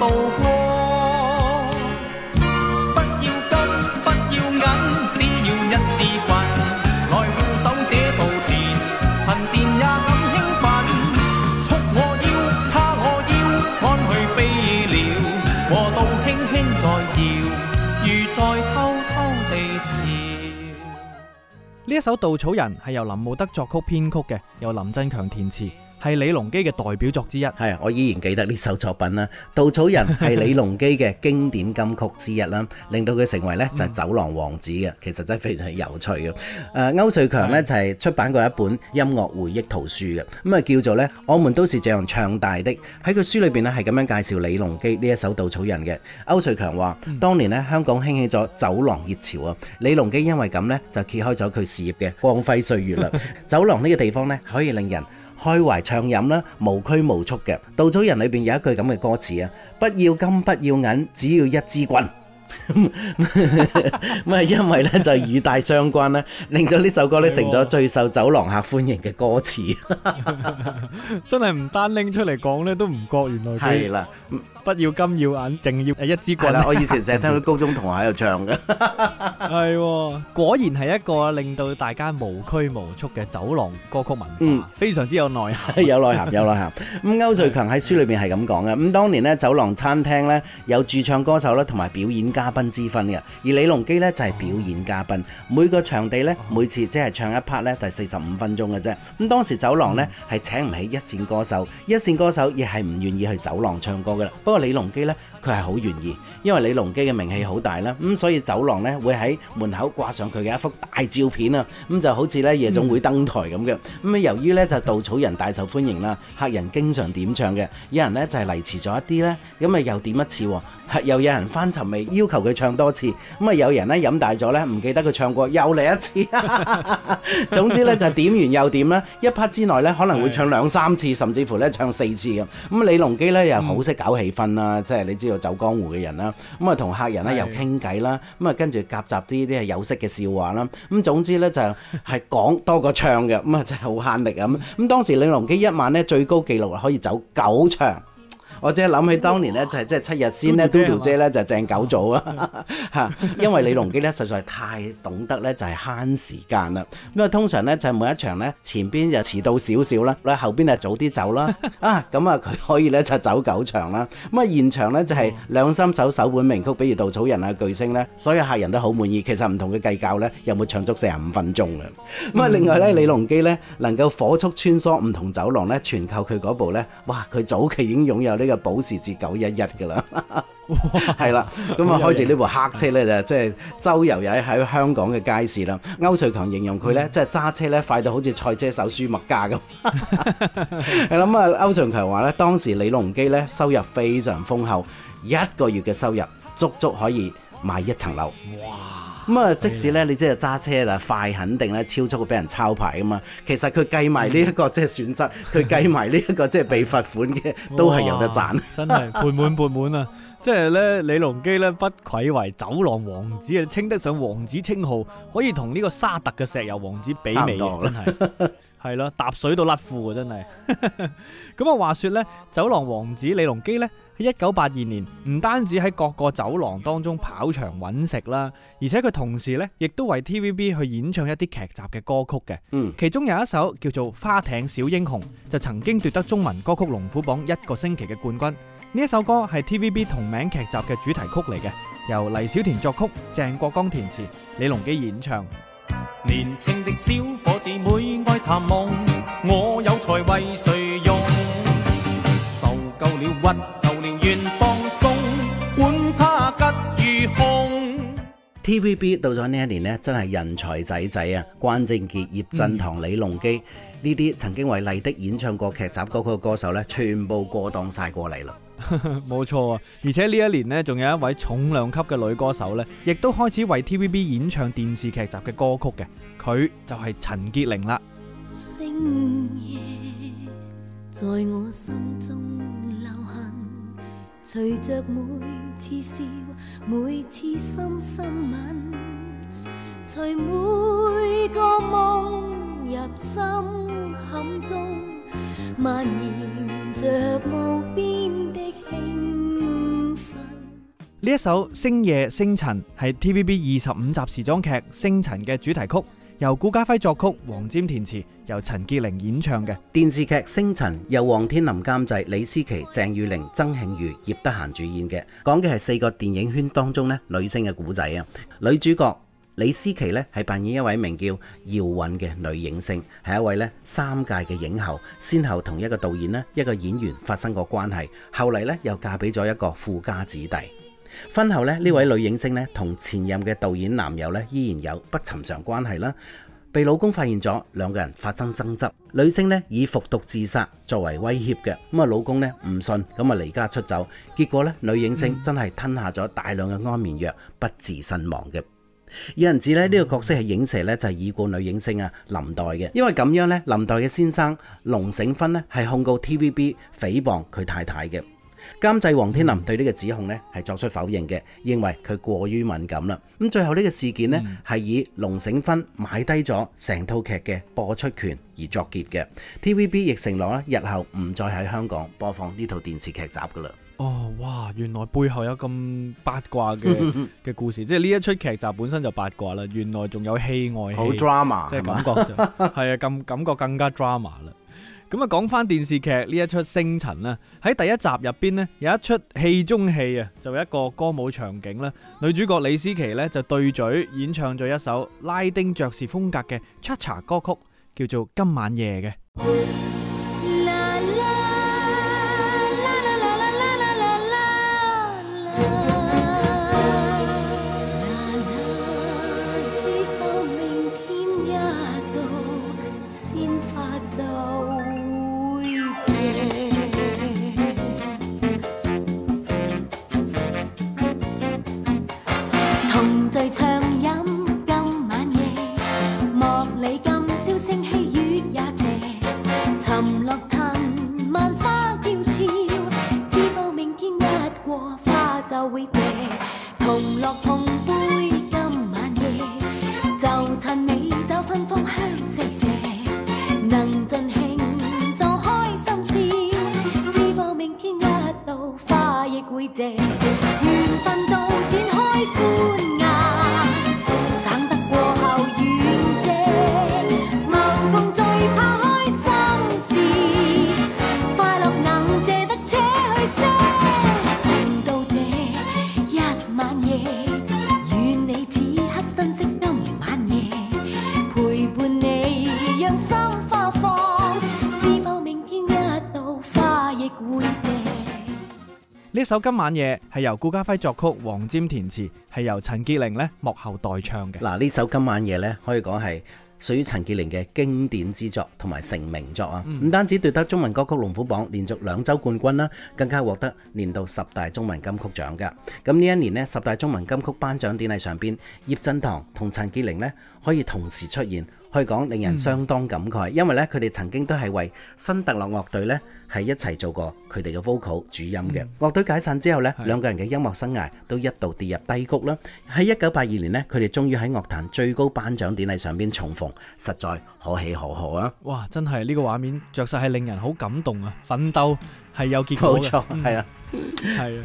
[SPEAKER 2] 稻光，不要金，不要銀，只要一支棍來護守這稻田，貧賤也敢興奮。束我腰，叉我腰，看去飛了。和道輕輕在跳，如在偷偷地跳。
[SPEAKER 1] 呢一首《稻草人》係由林慕德作曲編曲嘅，由林振強填詞。
[SPEAKER 3] 係李龍基嘅代表作之一，係我依然記得呢首作品啦，《稻草人》係李龍基嘅經典金曲之一啦，令到佢成為咧就酒廊王子嘅，其實真係非常有趣嘅、呃。歐瑞強咧就係、是、出版過一本音樂回憶圖書嘅，咁啊叫做咧我們都是這樣唱大的，喺佢書裏面咧係咁樣介紹李龍基呢一首《稻草人》嘅。歐瑞強話，當年呢香港興起咗酒廊熱潮啊，李龍基因為咁呢就揭開咗佢事業嘅光輝歲月啦。 酒廊呢個地方呢，可以令人。開懷暢飲啦，無拘無束嘅。稻草人裏面有一句咁嘅歌詞，不要金，不要銀，只要一支棍。咁咪因為咧，就語帶相關咧，令到呢首歌咧成咗最受酒廊客歡迎嘅歌詞。
[SPEAKER 1] 真係唔單拎出嚟講咧，都唔覺原來係啦，不要金要銀，淨要一支棍。我以前成日聽到高
[SPEAKER 3] 中同學喺度唱嘅，
[SPEAKER 1] 係果然係一個令到大家無拘無束嘅酒廊歌曲文化，非常之有內涵。有內涵，有內
[SPEAKER 3] 涵。咁歐瑞強喺書裏邊係咁講嘅，咁當年咧，酒廊餐廳咧有駐唱歌手啦，同埋表演家，嘉賓之分嘅，而李龍基呢，就係表演嘉賓。每個場地呢，每次即係唱一 part 呢，第四十五分鐘嘅啫。咁當時走廊呢，係請唔起一線歌手，一線歌手亦係唔願意去走廊唱歌噶啦。不過李龍基呢，佢係好願意，因為李龍基嘅名氣好大啦，咁所以酒廊呢會喺門口掛上佢嘅一幅大照片啊，咁就好似呢夜總會登台咁嘅。咁啊由於呢，就稻草人大受歡迎啦，客人經常點唱嘅，有人呢就係嚟遲咗一啲呢，咁啊又點一次，又有人返尋味要求佢唱多次，咁啊有人呢飲大咗呢，唔記得佢唱過又嚟一次。 總之呢，就點完又點啦，一忽之內呢可能會唱兩三次，甚至乎呢唱四次咁。咁李龍基呢又好識搞氣氛啦，即、嗯、係你知道。走江湖嘅人啦，咁啊同客人咧又傾偈啦，咁啊跟住夾雜啲啲係有色嘅笑話啦，咁總之咧就係講多過唱嘅，咁啊真係好慳力咁。咁當時李龍基一晚咧最高記錄可以走九場。我即係諗起當年咧，就係即係七日先咧，嘟嘟 姐咧就鄭九組啊，嚇， 因為李龍基咧實在太懂得咧就係、是、慳時間啦。咁啊，通常咧就係每一場咧前邊就遲到少少啦，咧後邊就早啲走啦。啊，咁啊佢可以咧就走九場啦。咁啊現場咧就係兩三首首本名曲，比如《稻草人》啊，《巨星》咧，所有客人都好滿意。其實唔同嘅計較咧有冇唱足四十五分鐘啊？
[SPEAKER 1] 咁啊，另外咧李
[SPEAKER 3] 龍基咧能夠火速穿梭唔同走廊咧，全靠佢嗰部咧。哇！佢早期已經擁有呢、這個。保時捷九一一噶啦，係 啦，咁啊開住呢部黑車咧，就即、是、係周遊喺喺香港嘅街市啦。歐瑞強形容佢咧，即係揸車咧快到好似賽車手舒麥加咁。咁 啊，歐瑞強話咧，當時李龍基咧收入非常豐厚，一個月嘅收入足足可以買一層樓。咁啊！即使咧，你即係揸車但係快，肯定咧超速會俾人抄牌噶嘛。其實佢計埋呢一個即係損失，佢、嗯、計埋呢一個即係被罰款嘅， 都係有得賺， 真係缽滿缽
[SPEAKER 1] 滿啊！寶寶寶寶 即係咧，李龍基咧不愧為酒廊王子啊，稱得上王子稱號，可以同呢個沙特嘅石油王子比美嘅 係咯，踏水都甩褲真係。咁啊，話說咧，酒廊王子李龍基咧，喺一九八二年，唔單止喺各個酒廊當中跑場揾食啦，而且佢同時咧，亦都為 TVB 去演唱一啲劇集嘅歌曲嘅。嗯。其中有一首叫做《花艇小英雄》，就曾經奪得中文歌曲龍虎榜一個星期嘅冠軍。呢一首歌係 TVB 同名劇集嘅主題曲嚟嘅，由黎小田作曲，鄭國江填詞，李龍基演唱。年輕的小伙子每愛談夢，我有才為誰用？受夠了就寧願
[SPEAKER 3] 放鬆管他吉與凶。TVB 到咗呢一年咧，真係人才仔仔啊！關正傑、葉振棠、李龍基呢啲、嗯、曾經為麗的演唱過劇集歌曲嘅歌手呢，全部過檔晒過嚟啦。
[SPEAKER 1] 冇錯啊！而且呢一年呢，仲有一位重量級嘅女歌手呢，亦都開始為 TVB 演唱電視劇集嘅歌曲嘅，佢就係陳潔靈啦。
[SPEAKER 4] 星夜在我心中流行，隨着每次笑、每次深深吻，隨每個夢入心坎中蔓延。
[SPEAKER 1] 呢一首《星夜星塵》係 T V B 二十五集時裝劇《星塵》嘅主題曲，由顧嘉輝作曲、黃霑填詞，由陳潔靈演唱嘅。
[SPEAKER 3] 電視劇《星塵》由王天林監製，李思琪、鄭裕玲、曾慶瑜、葉德嫻主演嘅，講嘅係四個電影圈當中咧女星嘅古仔啊，女主角。李思琪咧係扮演一位名叫姚韻嘅女影星，係一位咧三屆嘅影后，先後同一個導演咧一個演員發生過關係，後嚟咧又嫁俾咗一個富家子弟。婚後呢，呢位女影星咧同前任嘅導演男友咧依然有不尋常關係啦，被老公發現咗，兩個人發生爭執，女星咧以服毒自殺作為威脅嘅，咁啊老公咧唔信，咁啊離家出走，結果呢，女影星真係吞下咗大量嘅安眠藥，不治身亡嘅。有人指咧呢個角色係影射咧就係已故女影星啊林黛嘅，因為咁樣呢，林黛嘅先生龍醒芬咧係控告 TVB 誹謗佢太太嘅，監製王天林對呢個指控呢係作出否認嘅，認為佢過於敏感啦。咁最後呢個事件呢，係以龍醒芬買低咗成套劇嘅播出權而作結嘅，TVB 亦承諾咧日後唔再喺香港播放呢套電視劇集噶啦。
[SPEAKER 1] 哦，哇！原來背後有咁八卦嘅嘅故事， 即係呢一出劇集本身就八卦啦。原來仲有戲外戲，好 drama，即係感覺就係啊，咁 感覺更加 drama 啦。咁啊，講翻電視劇呢一出《星塵》啦，喺第一集入邊呢，有一出戲中戲啊，就有一個歌舞場景啦。女主角李思琪呢，就對嘴演唱咗一首拉丁爵士風格嘅 cha cha 歌曲，叫做《今晚夜》嘅。
[SPEAKER 4] 同樂碰杯，今晚夜就趁你酒芬芳香四射，能盡興，做開心事。希望明天一到，花亦會謝。
[SPEAKER 1] 呢首今晚夜係由顧嘉輝作曲，黃
[SPEAKER 3] 沾填詞，係由陳潔靈呢幕後代唱嘅。嗱，呢首今晚夜呢，可以講係屬於陳潔靈嘅經典之作同埋成名作啊，唔單止奪得中文歌曲龍虎榜連續兩周冠軍啦，更加獲得年度十大中文金曲獎嘅。咁呢一年呢，十大中文金曲頒獎典禮上邊，葉振棠同陳潔靈呢，可以同時出現。可以講令人相當感慨，因為咧，佢哋曾經都係為新特樂樂隊咧，係一齊做過佢哋嘅 vocal 主音嘅樂隊解散之後咧，兩個人嘅音樂生涯都一度跌入低谷啦。喺一九八二年呢，佢哋終於喺樂壇最高頒獎典禮上邊重逢，實在可喜可賀啊！
[SPEAKER 1] 哇，真係呢個畫面，著實係令人好感動啊！奮鬥係有結果嘅，係啊，係啊。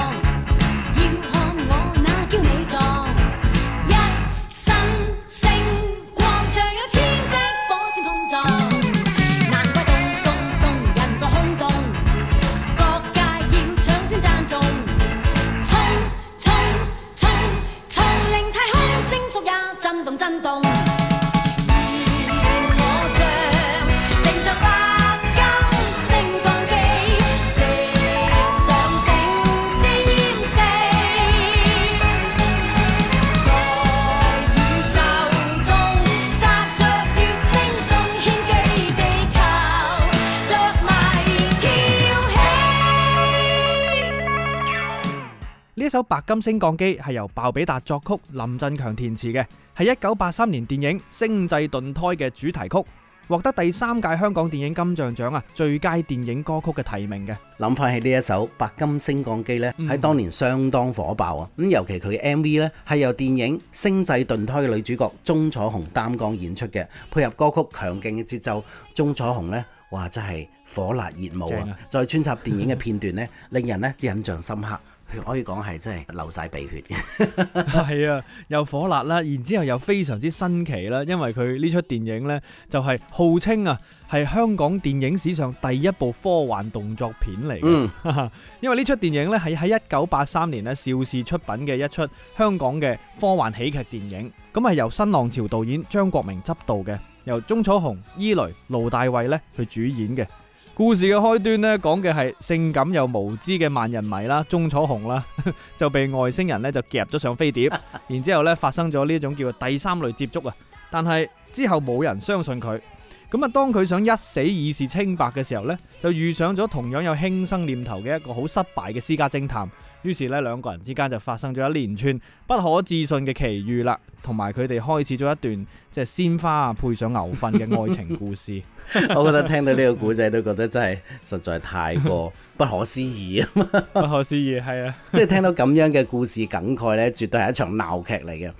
[SPEAKER 1] 首《白金升降機》係由鮑比達作曲、林振強填詞嘅，係一九八三年電影《星際鈍胎》嘅主題曲，獲得第三屆香港電影金像獎啊
[SPEAKER 3] 最佳電影歌曲嘅提名嘅。諗翻起呢一首《白金升降機》呢喺當年相當火爆啊！咁、嗯、尤其佢嘅 MV 呢，係由電影《星際鈍胎》嘅女主角鍾楚紅擔綱演出嘅，配合歌曲強勁嘅節奏，鍾楚紅呢哇真係火辣熱舞啊！再穿插電影嘅片段呢， 令人呢印象深刻。可以講係真係流晒鼻血，
[SPEAKER 1] 係 啊，又火辣啦，然之後又非常之新奇啦，因為佢呢出電影呢，就係、是、號稱啊係香港電影史上第一部科幻動作片嚟嘅、嗯，因為呢出電影呢，係喺一九八三年咧邵氏出品嘅一出香港嘅科幻喜劇電影，咁係由新浪潮導演張國明執導嘅，由鍾楚紅、伊雷、盧大偉呢去主演嘅。故事嘅開端咧，講嘅係性感又無知嘅萬人迷啦，鍾楚紅啦，就被外星人咧就夾咗上飛碟，然之後咧發生咗呢種叫做第三類接觸啊。但係之後冇人相信佢，咁啊當佢想一死以示清白嘅時候呢，就遇上咗同樣有輕生念頭嘅一個好失敗嘅私家偵探。於是咧，兩個人之間就發生咗一連串不可置信嘅奇遇啦，同埋佢哋開始咗一段即係鮮花、啊、配上牛糞嘅愛情故事。
[SPEAKER 3] 我覺得聽到呢個故仔都覺得真係實在太過不可思議啊！ 不可思議，係啊！ 即係聽到咁樣嘅故事感慨呢，絕對係一場鬧劇嚟嘅。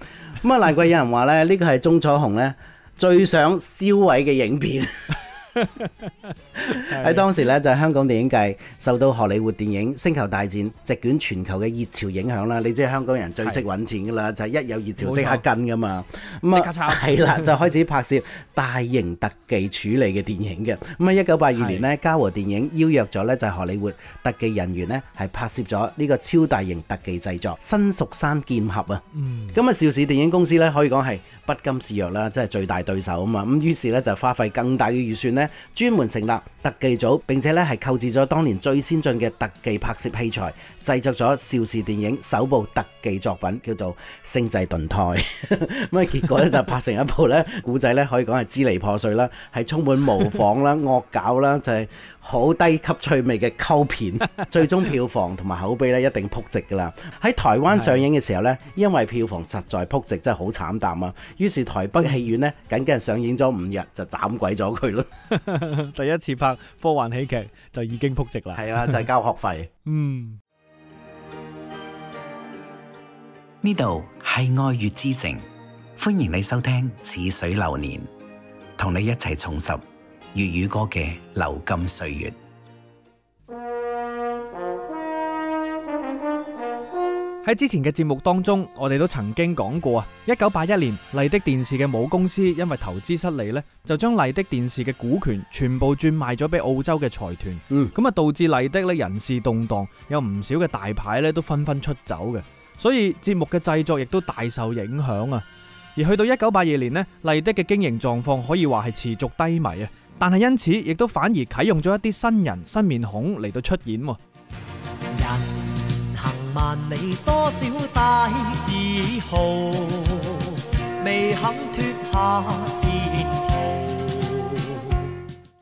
[SPEAKER 3] 咁啊，難怪有人話呢，呢個係鍾楚紅呢最想銷毀嘅影片。 喺 當時咧就係香港電影界受到荷里活電影《星球大戰》席捲全球嘅熱潮影響啦。你知香港人最識揾錢噶啦，就係一有熱潮即刻跟噶嘛。咁啊，係啦，就開始拍攝大型特技處理嘅電影嘅。咁啊，一九八二年呢，嘉禾電影邀約咗呢，就係荷里活特技人員呢係拍攝咗呢個超大型特技製作《新蜀山劍俠》啊。咁啊，邵氏電影公司呢，可以講係不甘示弱啦，即係最大對手啊嘛。咁於是呢，就花費更大嘅預算咧。專門成立特技組，並且咧係購置咗當年最先進嘅特技拍攝器材，製作咗邵氏電影首部特技作品，叫做《星際鈍胎》。咁啊，結果咧就拍成一部咧古仔咧，可以講係支離破碎啦，係充滿模仿啦、惡 搞啦，就係、是、好低級趣味嘅溝片。最終票房同埋口碑咧一定扑直噶啦。喺台灣上映嘅時候咧，因為票房實在扑直，真係好慘淡啊。於是台北戲院咧，僅僅係上映咗五日就斬鬼咗佢啦。 第一次拍科幻喜劇就已經撲直啦，係啊，就係、是、交學費。 嗯，呢度係愛粵之城，歡迎你收聽《似水流年》，同你一齊重拾粵語歌嘅流金歲月。
[SPEAKER 1] 喺之前嘅節目當中，我哋都曾經講過啊，一九八一年麗的電視嘅母公司因為投資失利呢，就將麗的電視嘅股權全部轉賣咗俾澳洲嘅財團，嗯，咁啊導致麗的咧人事動蕩，有唔少嘅大牌咧都紛紛出走嘅，所以節目嘅製作亦都大受影響啊。而去到一九八二年呢，麗的嘅經營狀況可以話係持續低迷啊，但係因此亦都反而啟用咗一啲新人新面孔嚟到出演。
[SPEAKER 2] 萬里多少大志豪，未肯脫下戰袍。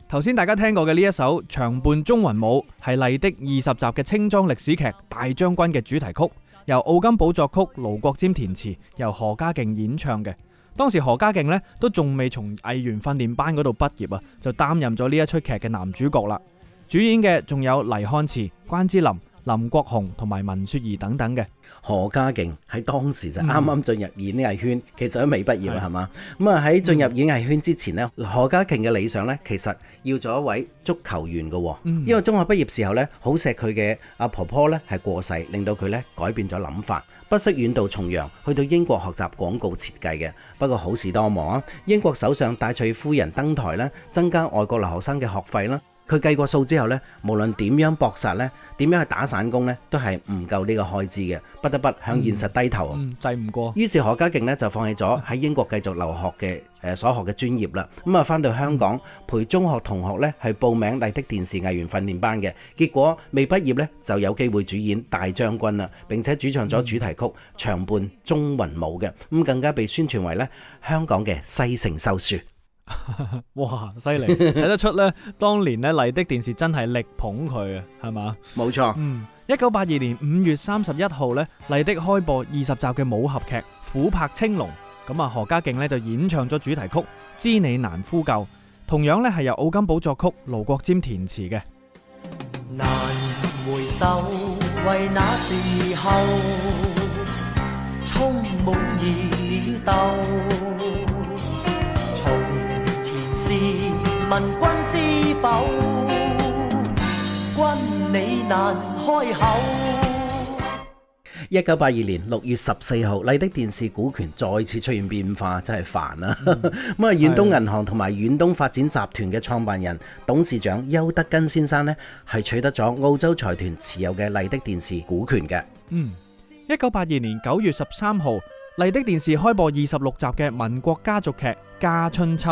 [SPEAKER 1] 頭先大家聽過嘅呢一首《長伴忠魂舞》，係麗的二十集嘅清裝歷史劇《大將軍》嘅主題曲，由奧金寶作曲、盧國沾填詞，由何家勁演唱嘅。當時何家勁呢都仲未從藝員訓練班嗰度畢業啊，就擔任咗呢一出劇嘅男主角啦。主演嘅仲有黎漢持、關之琳。林國雄同埋文雪兒等
[SPEAKER 3] 等嘅。何家勁喺當時就啱啱進入演藝圈，其實都未畢業啦，係嘛？咁啊喺進入演藝圈之前呢，何家勁嘅理想呢，其實要做一位足球員嘅，因為中學畢業時候呢，好錫佢嘅阿婆婆呢係過世，令到佢呢改變咗諗法，不惜遠渡重洋去到英國學習廣告設計嘅。不過好事多磨，啊，英國首相戴翠夫人登台咧，增加外國留學生嘅學費啦。佢計過數之後呢，無論點樣搏殺呢，點樣去打散工呢，都係唔夠呢個開支嘅，不得不向現實低頭。嗯，制唔過。於是何家勁呢就放棄咗喺英國繼續留學嘅誒所學嘅專業啦。咁啊，翻到香港陪中學同學呢係報名麗的電視藝員訓練班嘅。結果未畢業呢就有機會主演《大將軍》啦，並且主唱咗主題曲《長伴忠魂舞》嘅。咁更加被宣傳為呢香港嘅西城秀樹。
[SPEAKER 1] 哇，犀利，睇得出咧，當年呢，麗的電視真係力捧佢啊，係嘛？冇錯，嗯，一九八二年五月三十一號呢，麗的開播二十集嘅武俠劇《琥珀青龍》，咁啊何家勁呢就演唱咗主題曲《知你難呼救》，同樣呢係由奧金寶作曲、盧國沾填詞嘅。
[SPEAKER 2] 難回首，為那時候充滿熱鬥。衝問君知否，君你難開口。
[SPEAKER 3] 一九八二年六月十四號，麗的電視股權再次出現變化，真係煩啊。咁啊，遠、嗯、 東銀行同埋遠東發展集團嘅創辦人、董事長邱德根先生呢，係取得咗澳洲財團持有嘅麗的電視股權嘅。嗯，
[SPEAKER 1] 一九八二年九月十三號，麗的電視開播二十六集嘅《民國家族劇家春秋》。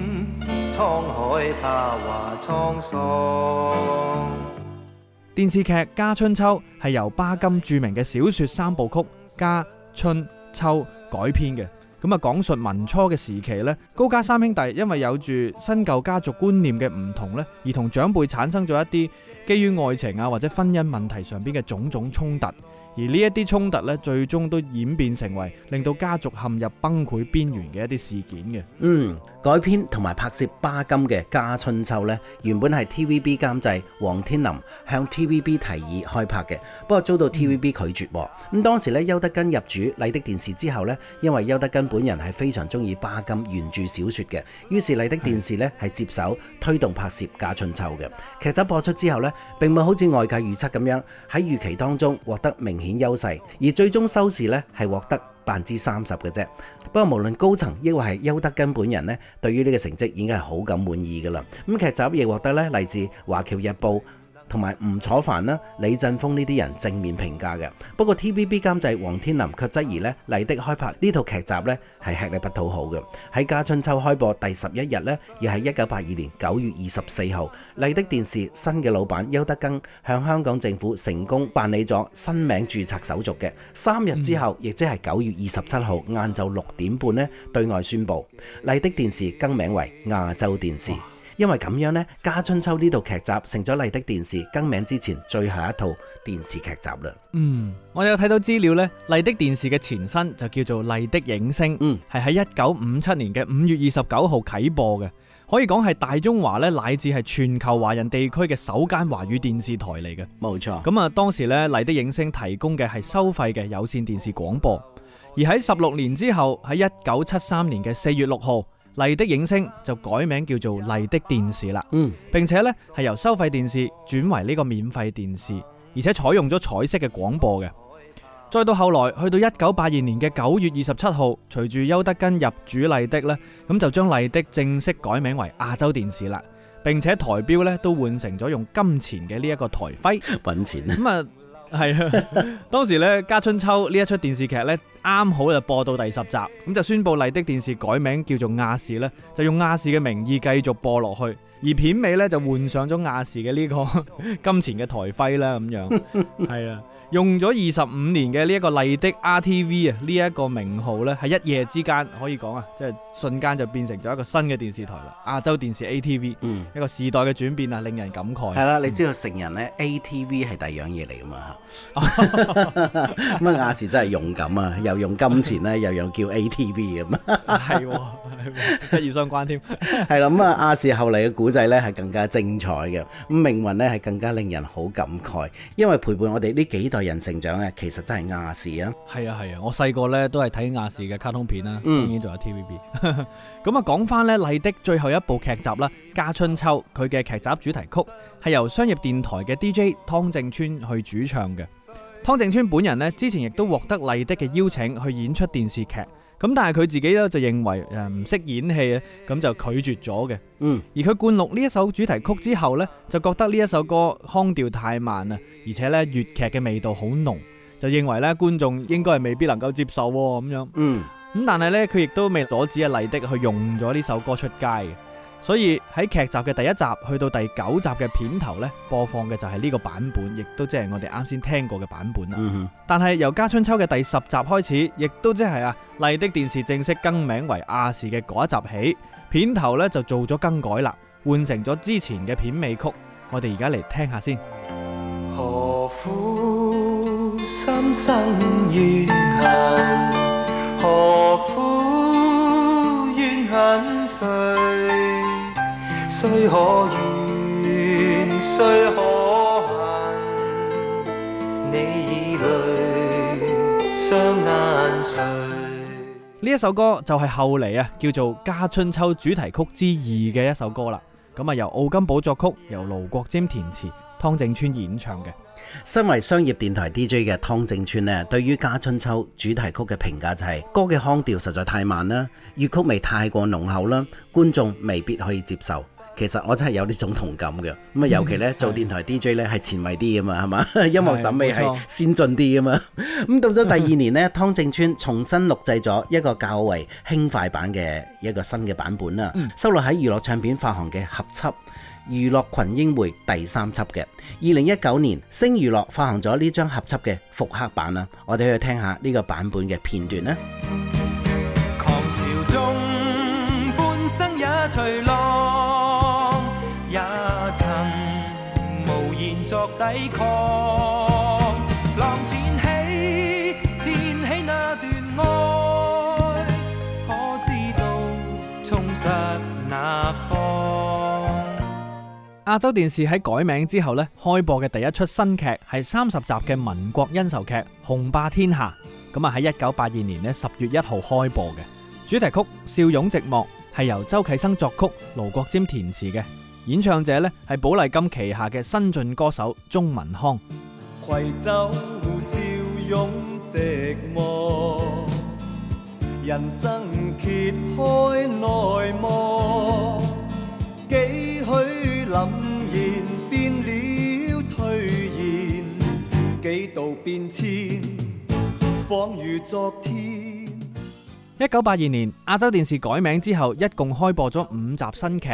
[SPEAKER 2] 滄海怕
[SPEAKER 1] 華蒼爽電視劇《家春秋》係由巴金著名嘅小說三部曲《家、春、秋》改編嘅，咁啊講述民初嘅時期呢，高家三兄弟因為有住新舊家族觀念嘅唔同呢，而同長輩產生咗一啲基於愛情啊或者婚姻問題上邊嘅種種衝突。而呢一啲衝突咧，最終都演變成為令到家族陷入
[SPEAKER 3] 崩潰邊緣嘅一啲事件嘅。嗯，改編同埋拍攝巴金嘅《家春秋》呢，原本係 TVB 監製王天林向 TVB 提議開拍嘅，不過遭到 TVB 拒絕。咁當時呢，邱德根入主麗的電視之後呢，因為邱德根本人係非常中意巴金原著小説嘅，於是麗的電視呢係接手推動拍攝《家春秋》嘅劇集，播出之後呢，並冇好似外界預測咁樣喺預期當中獲得明顯優勢，而最終收視呢係獲得百分之三十嘅啫。不過無論高層亦或係邱德根本人呢，對於呢個成績已經係好感滿意噶啦。咁劇集亦獲得呢嚟自《華僑日報》。同埋吳楚帆、啦、李振峰呢啲人正面評價嘅。不過 T.V.B 監製王天林卻質疑呢，麗的開拍呢套劇集呢係吃力不討好嘅。喺家春秋開播第十一日呢，亦係一九八二年九月二十四號，麗的電視新嘅老闆邱德根向香港政府成功辦理咗新名註冊手續嘅。三日之後，亦即係九月二十七號晏晝六點半呢，對外宣布麗的電視更名為亞洲電視。因為咁樣呢，《家春秋》呢套劇集成咗麗的電視更名之前最後一套電視劇集啦。嗯，
[SPEAKER 1] 我有睇到資料呢，麗的電視嘅前身就叫做麗的影星。嗯，係喺一九五七年嘅五月二十九號啟播嘅，可以講係大中華咧乃至係全球華人地區嘅首間華語電視台嚟嘅。冇錯。咁啊，當時呢，麗的影星提供嘅係收費嘅有線電視廣播，而喺十六年之後，喺一九七三年嘅四月六號。麗的映聲就改名叫做麗的電視啦，嗯，並且咧，係由收費電視轉為呢個免費電視，而且採用咗彩色嘅廣播嘅。再到後來，去到一九八二年嘅九月二十七號，隨住邱德根入主麗的咧，咁就將麗的正式改名為亞洲電視啦，並且台標咧都換成咗用金錢嘅呢一個台徽。搵錢咁啊，係啊！ 當時咧，《家春秋》呢一出電視劇咧。啱好就播到第十集，咁就宣布麗的電視改名叫做亞視咧，就用亞視嘅名義繼續播落去，而片尾咧就換上咗亞視嘅呢個金錢嘅台徽啦，咁樣係啊。 用咗二十五年嘅呢一個麗的 RTV 啊，呢、這、一個名號咧，係一夜之間可以講啊，即係瞬間就變成咗一個新嘅電視台啦。亞洲電視 ATV，嗯，一個時代嘅轉變啊，令人感慨。係啦，你知
[SPEAKER 3] 道成人咧、嗯、，ATV 係第二樣嘢嚟㗎嘛嚇。咁啊亞視真係勇敢啊，又用金錢咧，又用叫 ATV 咁啊
[SPEAKER 1] 係喎，一語雙關添。
[SPEAKER 3] 係啦，咁啊亞視後嚟嘅古仔咧係更加精彩嘅，咁命運咧係更加令人好感慨，因為陪伴我哋呢幾代。人成長咧，其實真係亞視啊！
[SPEAKER 1] 係啊，係啊！我細個咧都係睇亞視嘅卡通片啦，當然仲有 TVB。咁啊，講翻咧麗的最後一部劇集啦，《家春秋》，佢嘅劇集主題曲係由商業電台嘅 DJ 湯正川去主唱嘅。湯正川本人呢，之前亦都獲得麗的嘅邀請去演出電視劇。咁但係佢自己咧就認為誒唔識演戲啊，咁就拒絕咗嘅。嗯，而佢灌錄呢一首主題曲之後呢，就覺得呢一首歌腔調太慢啦，而且呢，粵劇嘅味道好濃，就認為呢，觀眾應該係未必能夠接受咁樣。嗯，咁但係呢，佢亦都未阻止阿麗的去用咗呢首歌出街嘅。所以喺劇集嘅第一集去到第九集嘅片頭呢，播放嘅就係呢個版本，亦都即係我哋啱先聽過嘅版本啦。Mm -hmm. 但係由《家春秋》嘅第十集開始，亦都即係啊麗的電視正式更名為亞視嘅嗰一集起，片頭呢，就做咗更改啦，換成咗之前嘅片尾曲。我哋而家嚟聽下先。何苦
[SPEAKER 2] 心生怨恨？何苦怨恨誰？雖可怨，雖可恨，你以淚
[SPEAKER 1] 雙眼垂。呢一首歌就係後嚟啊，叫做《家春秋》主題曲之二嘅一首歌啦。咁啊，由奧金寶作曲，由盧國沾填詞，湯正川演唱嘅。
[SPEAKER 3] 身為商業電台 DJ 嘅湯正川咧，對於《家春秋》主題曲嘅評價就係：歌嘅腔調實在太慢啦，粵曲味太過濃厚啦，觀眾未必可以接受。其實我真係有呢種同感嘅，咁啊尤其咧做電台 DJ 咧係前衞啲啊嘛，係、嗯、嘛？ 音樂審美係先進啲啊嘛。咁到咗第二年呢，湯正川重新錄製咗一個較為輕快版嘅一個新嘅版本啦、嗯，收錄喺娛樂唱片發行嘅合輯《娛樂群英會》第三輯嘅。二零一九年，星娛樂發行咗呢張合輯嘅復刻版啦，我哋去聽下呢個版本嘅片段咧。
[SPEAKER 2] 狂潮中半生也頹落。
[SPEAKER 1] 亞洲電視喺改名之後呢，開播嘅第一出新劇係三十集嘅民國恩仇劇《雄霸天下》，咁啊喺一九八二年咧十月一號開播嘅，主題曲《笑擁寂寞》係由周啟生作曲、盧國沾填詞嘅。演唱者呢係寶麗金旗下嘅新晉歌手鍾文康。
[SPEAKER 2] 一九八二年，
[SPEAKER 1] 亞洲電視改名之後，一共開播咗五集新劇。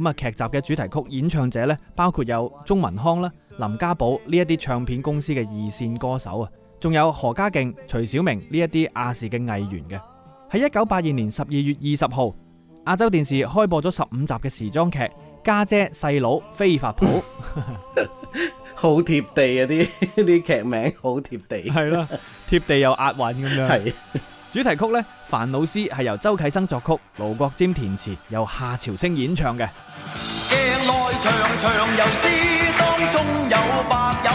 [SPEAKER 1] 咁啊！劇集嘅主題曲演唱者咧，包括有鍾文康啦、啊、林家寶呢一啲唱片公司嘅二線歌手啊，仲有何家勁、徐小明呢一啲亞視嘅藝員嘅。喺一九八二年十二月二十號，亞洲電視開播咗十五集嘅時裝劇《家姐細佬飛髮舖》，好貼地啊！啲啲劇名好貼地，係 啦、啊，貼地又押韻咁樣。 主題曲呢，煩惱絲，係由周啟生作曲，盧國沾填詞，由夏韶聲演唱嘅。鏡
[SPEAKER 2] 內長長游絲，當中有白日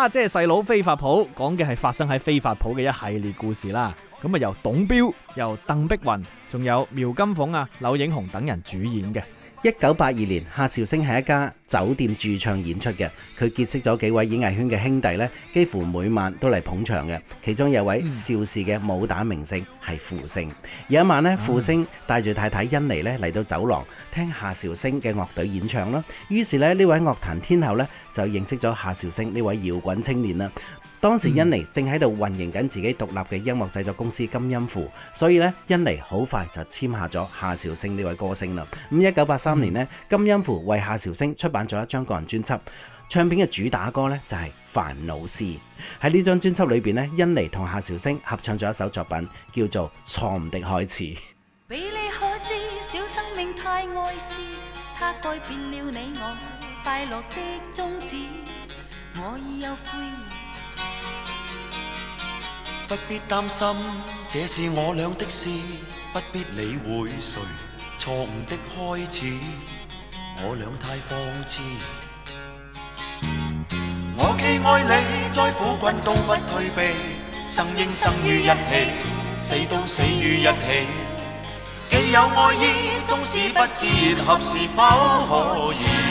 [SPEAKER 1] 啊！即係細佬飛髮鋪，講嘅係發生喺飛髮鋪嘅一系列故事啦。咁啊，由董彪、由鄧碧雲、仲有苗金鳳啊、柳
[SPEAKER 3] 影虹等人主演嘅。一九八二年，夏韶聲喺一家酒店駐唱演出嘅，佢結識咗幾位演藝圈嘅兄弟咧，幾乎每晚都嚟捧場嘅。其中有位邵氏嘅武打明星係傅聲。有一晚咧，傅聲帶住太太甄妮咧嚟到酒廊聽夏韶聲嘅樂隊演唱啦。於是咧呢位樂壇天后咧就認識咗夏韶聲呢位搖滾青年啦。當時甄妮正喺度運營緊自己獨立嘅音樂製作公司金音符，所以咧甄妮好快就簽下咗夏韶聲呢位歌星啦。咁一九八三年呢，金音符為夏韶聲出版咗一張個人專輯，唱片嘅主打歌呢、就是，就係《煩惱絲》。喺呢張專輯裏邊咧，甄妮同夏韶聲合唱咗一首作品，叫做《錯誤的開
[SPEAKER 4] 始》。
[SPEAKER 2] 不必擔心，這是我倆的事，不必理會誰錯誤的開始。我倆太放肆。我既愛你，再苦困都不退避。生應生於一起，死都死於一起。既有愛意，縱使不結合，是否可以？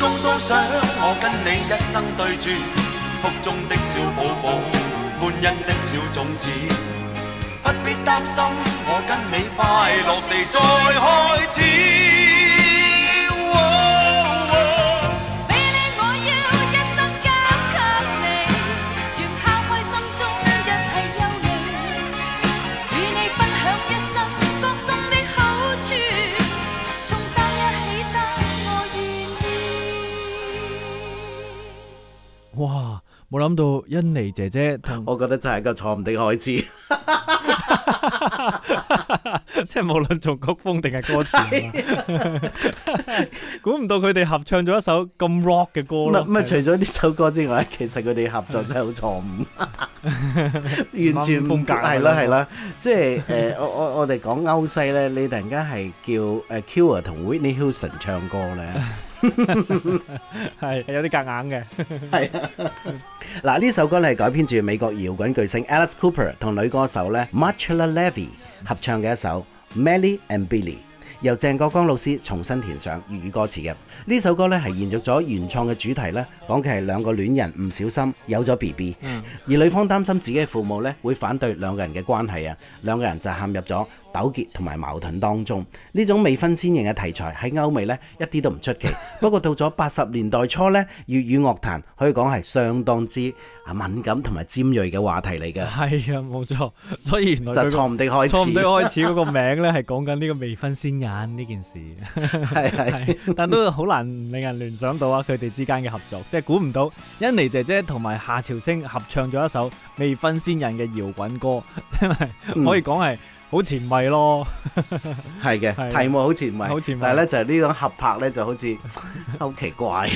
[SPEAKER 2] 心中都想我跟你一生對住，腹中的小寶寶，歡欣的小種子，不必擔心我跟你快樂地再開始。
[SPEAKER 1] 冇諗到甄妮姐姐我覺得就係一個錯誤的開始， 即係無論從曲風定係歌詞，
[SPEAKER 3] 估
[SPEAKER 1] 唔到佢哋合唱咗一首咁 rock 嘅歌啦。咁啊，除咗
[SPEAKER 3] 呢首歌之外，其實佢哋合作真係好錯誤，完全唔係啦係啦，是啊是啊是啊是啊即係誒、呃，我我我哋講歐西咧，你突然間係叫誒 Kira 同 Whitney Houston 唱歌咧。
[SPEAKER 1] 係， 有啲夾硬嘅。係
[SPEAKER 3] 嗱，呢首歌咧，係改編住美國搖滾巨星 Alice Cooper 同女歌手咧 Marsha Levy 合唱嘅一首《Melly and Billy》，由鄭國江老師重新填上粵語，語歌詞嘅。呢首歌咧，係延續咗原創嘅主題咧，講嘅係兩個戀人唔小心有咗 B B，而女方擔心自己嘅父母咧會反對兩個人嘅關係啊，兩個人就陷入咗。糾結同埋矛盾當中，呢種未婚先孕嘅題材喺歐美呢一啲都唔出奇。不過到咗八十年代初呢，粵語樂壇可以講係相當之啊敏感同埋尖鋭嘅話題嚟嘅。
[SPEAKER 1] 係啊，冇錯，所以原來就錯誤的開始，錯誤的開始嗰個
[SPEAKER 3] 名呢係講緊呢個未婚
[SPEAKER 1] 先孕呢件事係係，但都好難令人聯想到啊！佢哋之間嘅合作即係估唔到，甄妮姐姐同埋夏韶聲合唱咗一首未婚先孕嘅搖滾歌，因為可以講係。好甜蜜咯 是的，係
[SPEAKER 3] 嘅題目好甜蜜，但係咧就係、是、呢種合拍咧，就好似好 奇怪。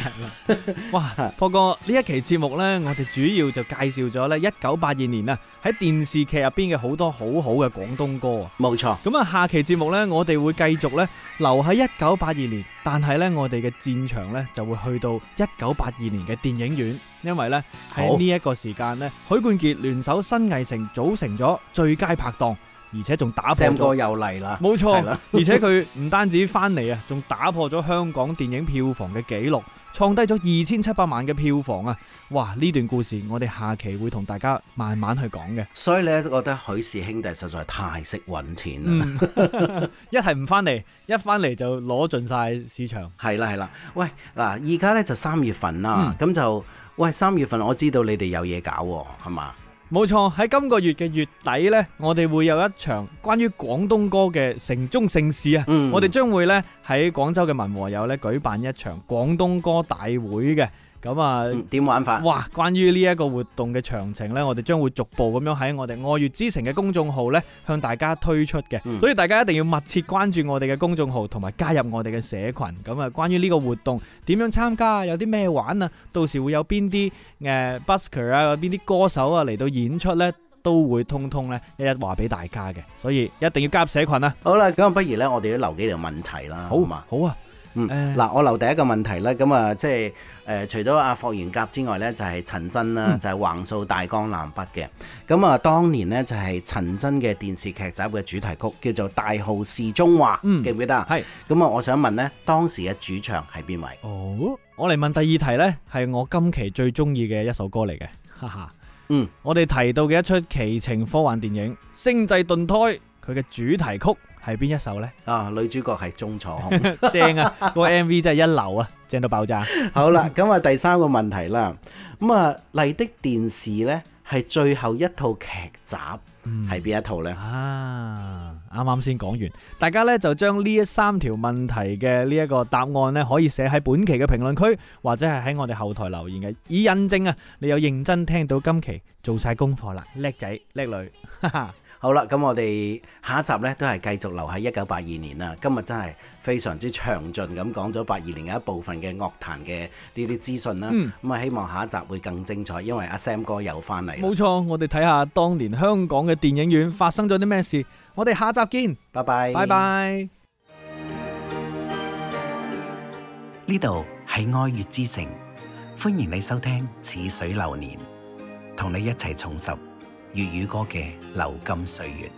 [SPEAKER 1] 哇！不過呢一期節目呢，我哋主要就介紹咗咧一九八二年啊，喺電視劇入邊嘅好多好好嘅廣東歌啊，冇錯。咁啊，下期節目呢，我哋會繼續呢留喺一九八二年，但係呢我哋嘅戰場呢，就會去到一九八二年嘅電影院，因為呢，喺呢一個時間呢，許冠杰聯手新藝城組成咗最佳拍檔。而且仲打破咗又
[SPEAKER 3] 嚟啦，冇錯，而且佢
[SPEAKER 1] 唔單止翻嚟啊，仲打破咗香港電影票房嘅紀錄，創低咗二千七百萬嘅票房啊！哇，呢段故事我哋下期會同大家慢慢去講
[SPEAKER 3] 嘅。所以呢，覺得許氏兄弟實在太識揾錢啦。 一係唔翻嚟，一翻嚟就攞盡晒市場。係啦係啦，喂嗱，而家呢就三月份啦，咁就喂三月份我知道你哋有嘢搞係嘛？冇錯，喺
[SPEAKER 1] 今個月嘅月底呢，我哋會有一場關於廣東歌嘅城中盛事。啊、嗯！我哋將會呢喺廣州嘅文和友呢舉辦一場廣東歌大會嘅。咁、嗯、啊，點玩法？哇！關於呢一個活動嘅詳情呢，我哋將會逐步咁樣喺我哋愛粵之城嘅公眾號呢向大家推出嘅、嗯。所以大家一定要密切關注我哋嘅公眾號，同埋加入我哋嘅社群。咁、嗯、啊，關於呢個活動點樣參加有啲咩玩啊？到時會有邊啲、呃、Busker 啊，有邊啲歌手啊嚟到演出呢，都會通通呢一一話俾大家嘅。所以一定要加入社群啊！好啦，咁不如呢，我哋要
[SPEAKER 3] 留幾條問題啦，好唔好啊？好啊。嗯，嗱，我留下第一個問題啦。咁啊，即係誒，除咗阿霍元甲之外呢，就係、是、陳真啦，就係、是、橫掃大江南北嘅。咁、嗯、啊，當年呢，就係陳真嘅電視劇集嘅主題曲叫做《大號是中華》，嗯、記唔記得啊？係。咁啊，我想問呢，當時嘅主唱係邊位？哦，
[SPEAKER 1] 我嚟問第二題呢，係我今期最中意嘅一首歌嚟嘅，哈哈。嗯，我哋提到嘅一出奇情科幻電影《星際鈍胎》，佢嘅主題曲。係邊一首咧？
[SPEAKER 3] 啊，女主角係鍾楚紅，
[SPEAKER 1] 正啊！個 MV 真係一流啊，正到爆炸！
[SPEAKER 3] 好啦，咁啊第三個問題啦，咁啊麗的電視咧係最後一套劇集係邊一套咧？
[SPEAKER 1] 啊，啱啱先講完，大家咧就將呢三條問題嘅呢一個答案咧可以寫喺本期嘅評論區，或者係喺我哋後台留言嘅，以印證啊你有認真聽到今期做晒功課啦，叻仔叻女，哈哈！
[SPEAKER 3] 好啦，咁我哋下一集呢都係繼續留喺一九八二年啦。今日真係非常之詳盡咁講咗八二年嘅一部分嘅樂壇嘅呢啲資訊啦。咁啊，希望下一集會更精彩，因為阿 Sam 哥又翻嚟。
[SPEAKER 1] 冇錯，我哋睇下當年香港嘅電影院發生咗啲咩事。我哋下集見，
[SPEAKER 3] 拜拜，拜拜。呢度係愛粵之城，歡迎你收聽《似水流年》，同你一齊重拾。粵語歌嘅《流金歲月》。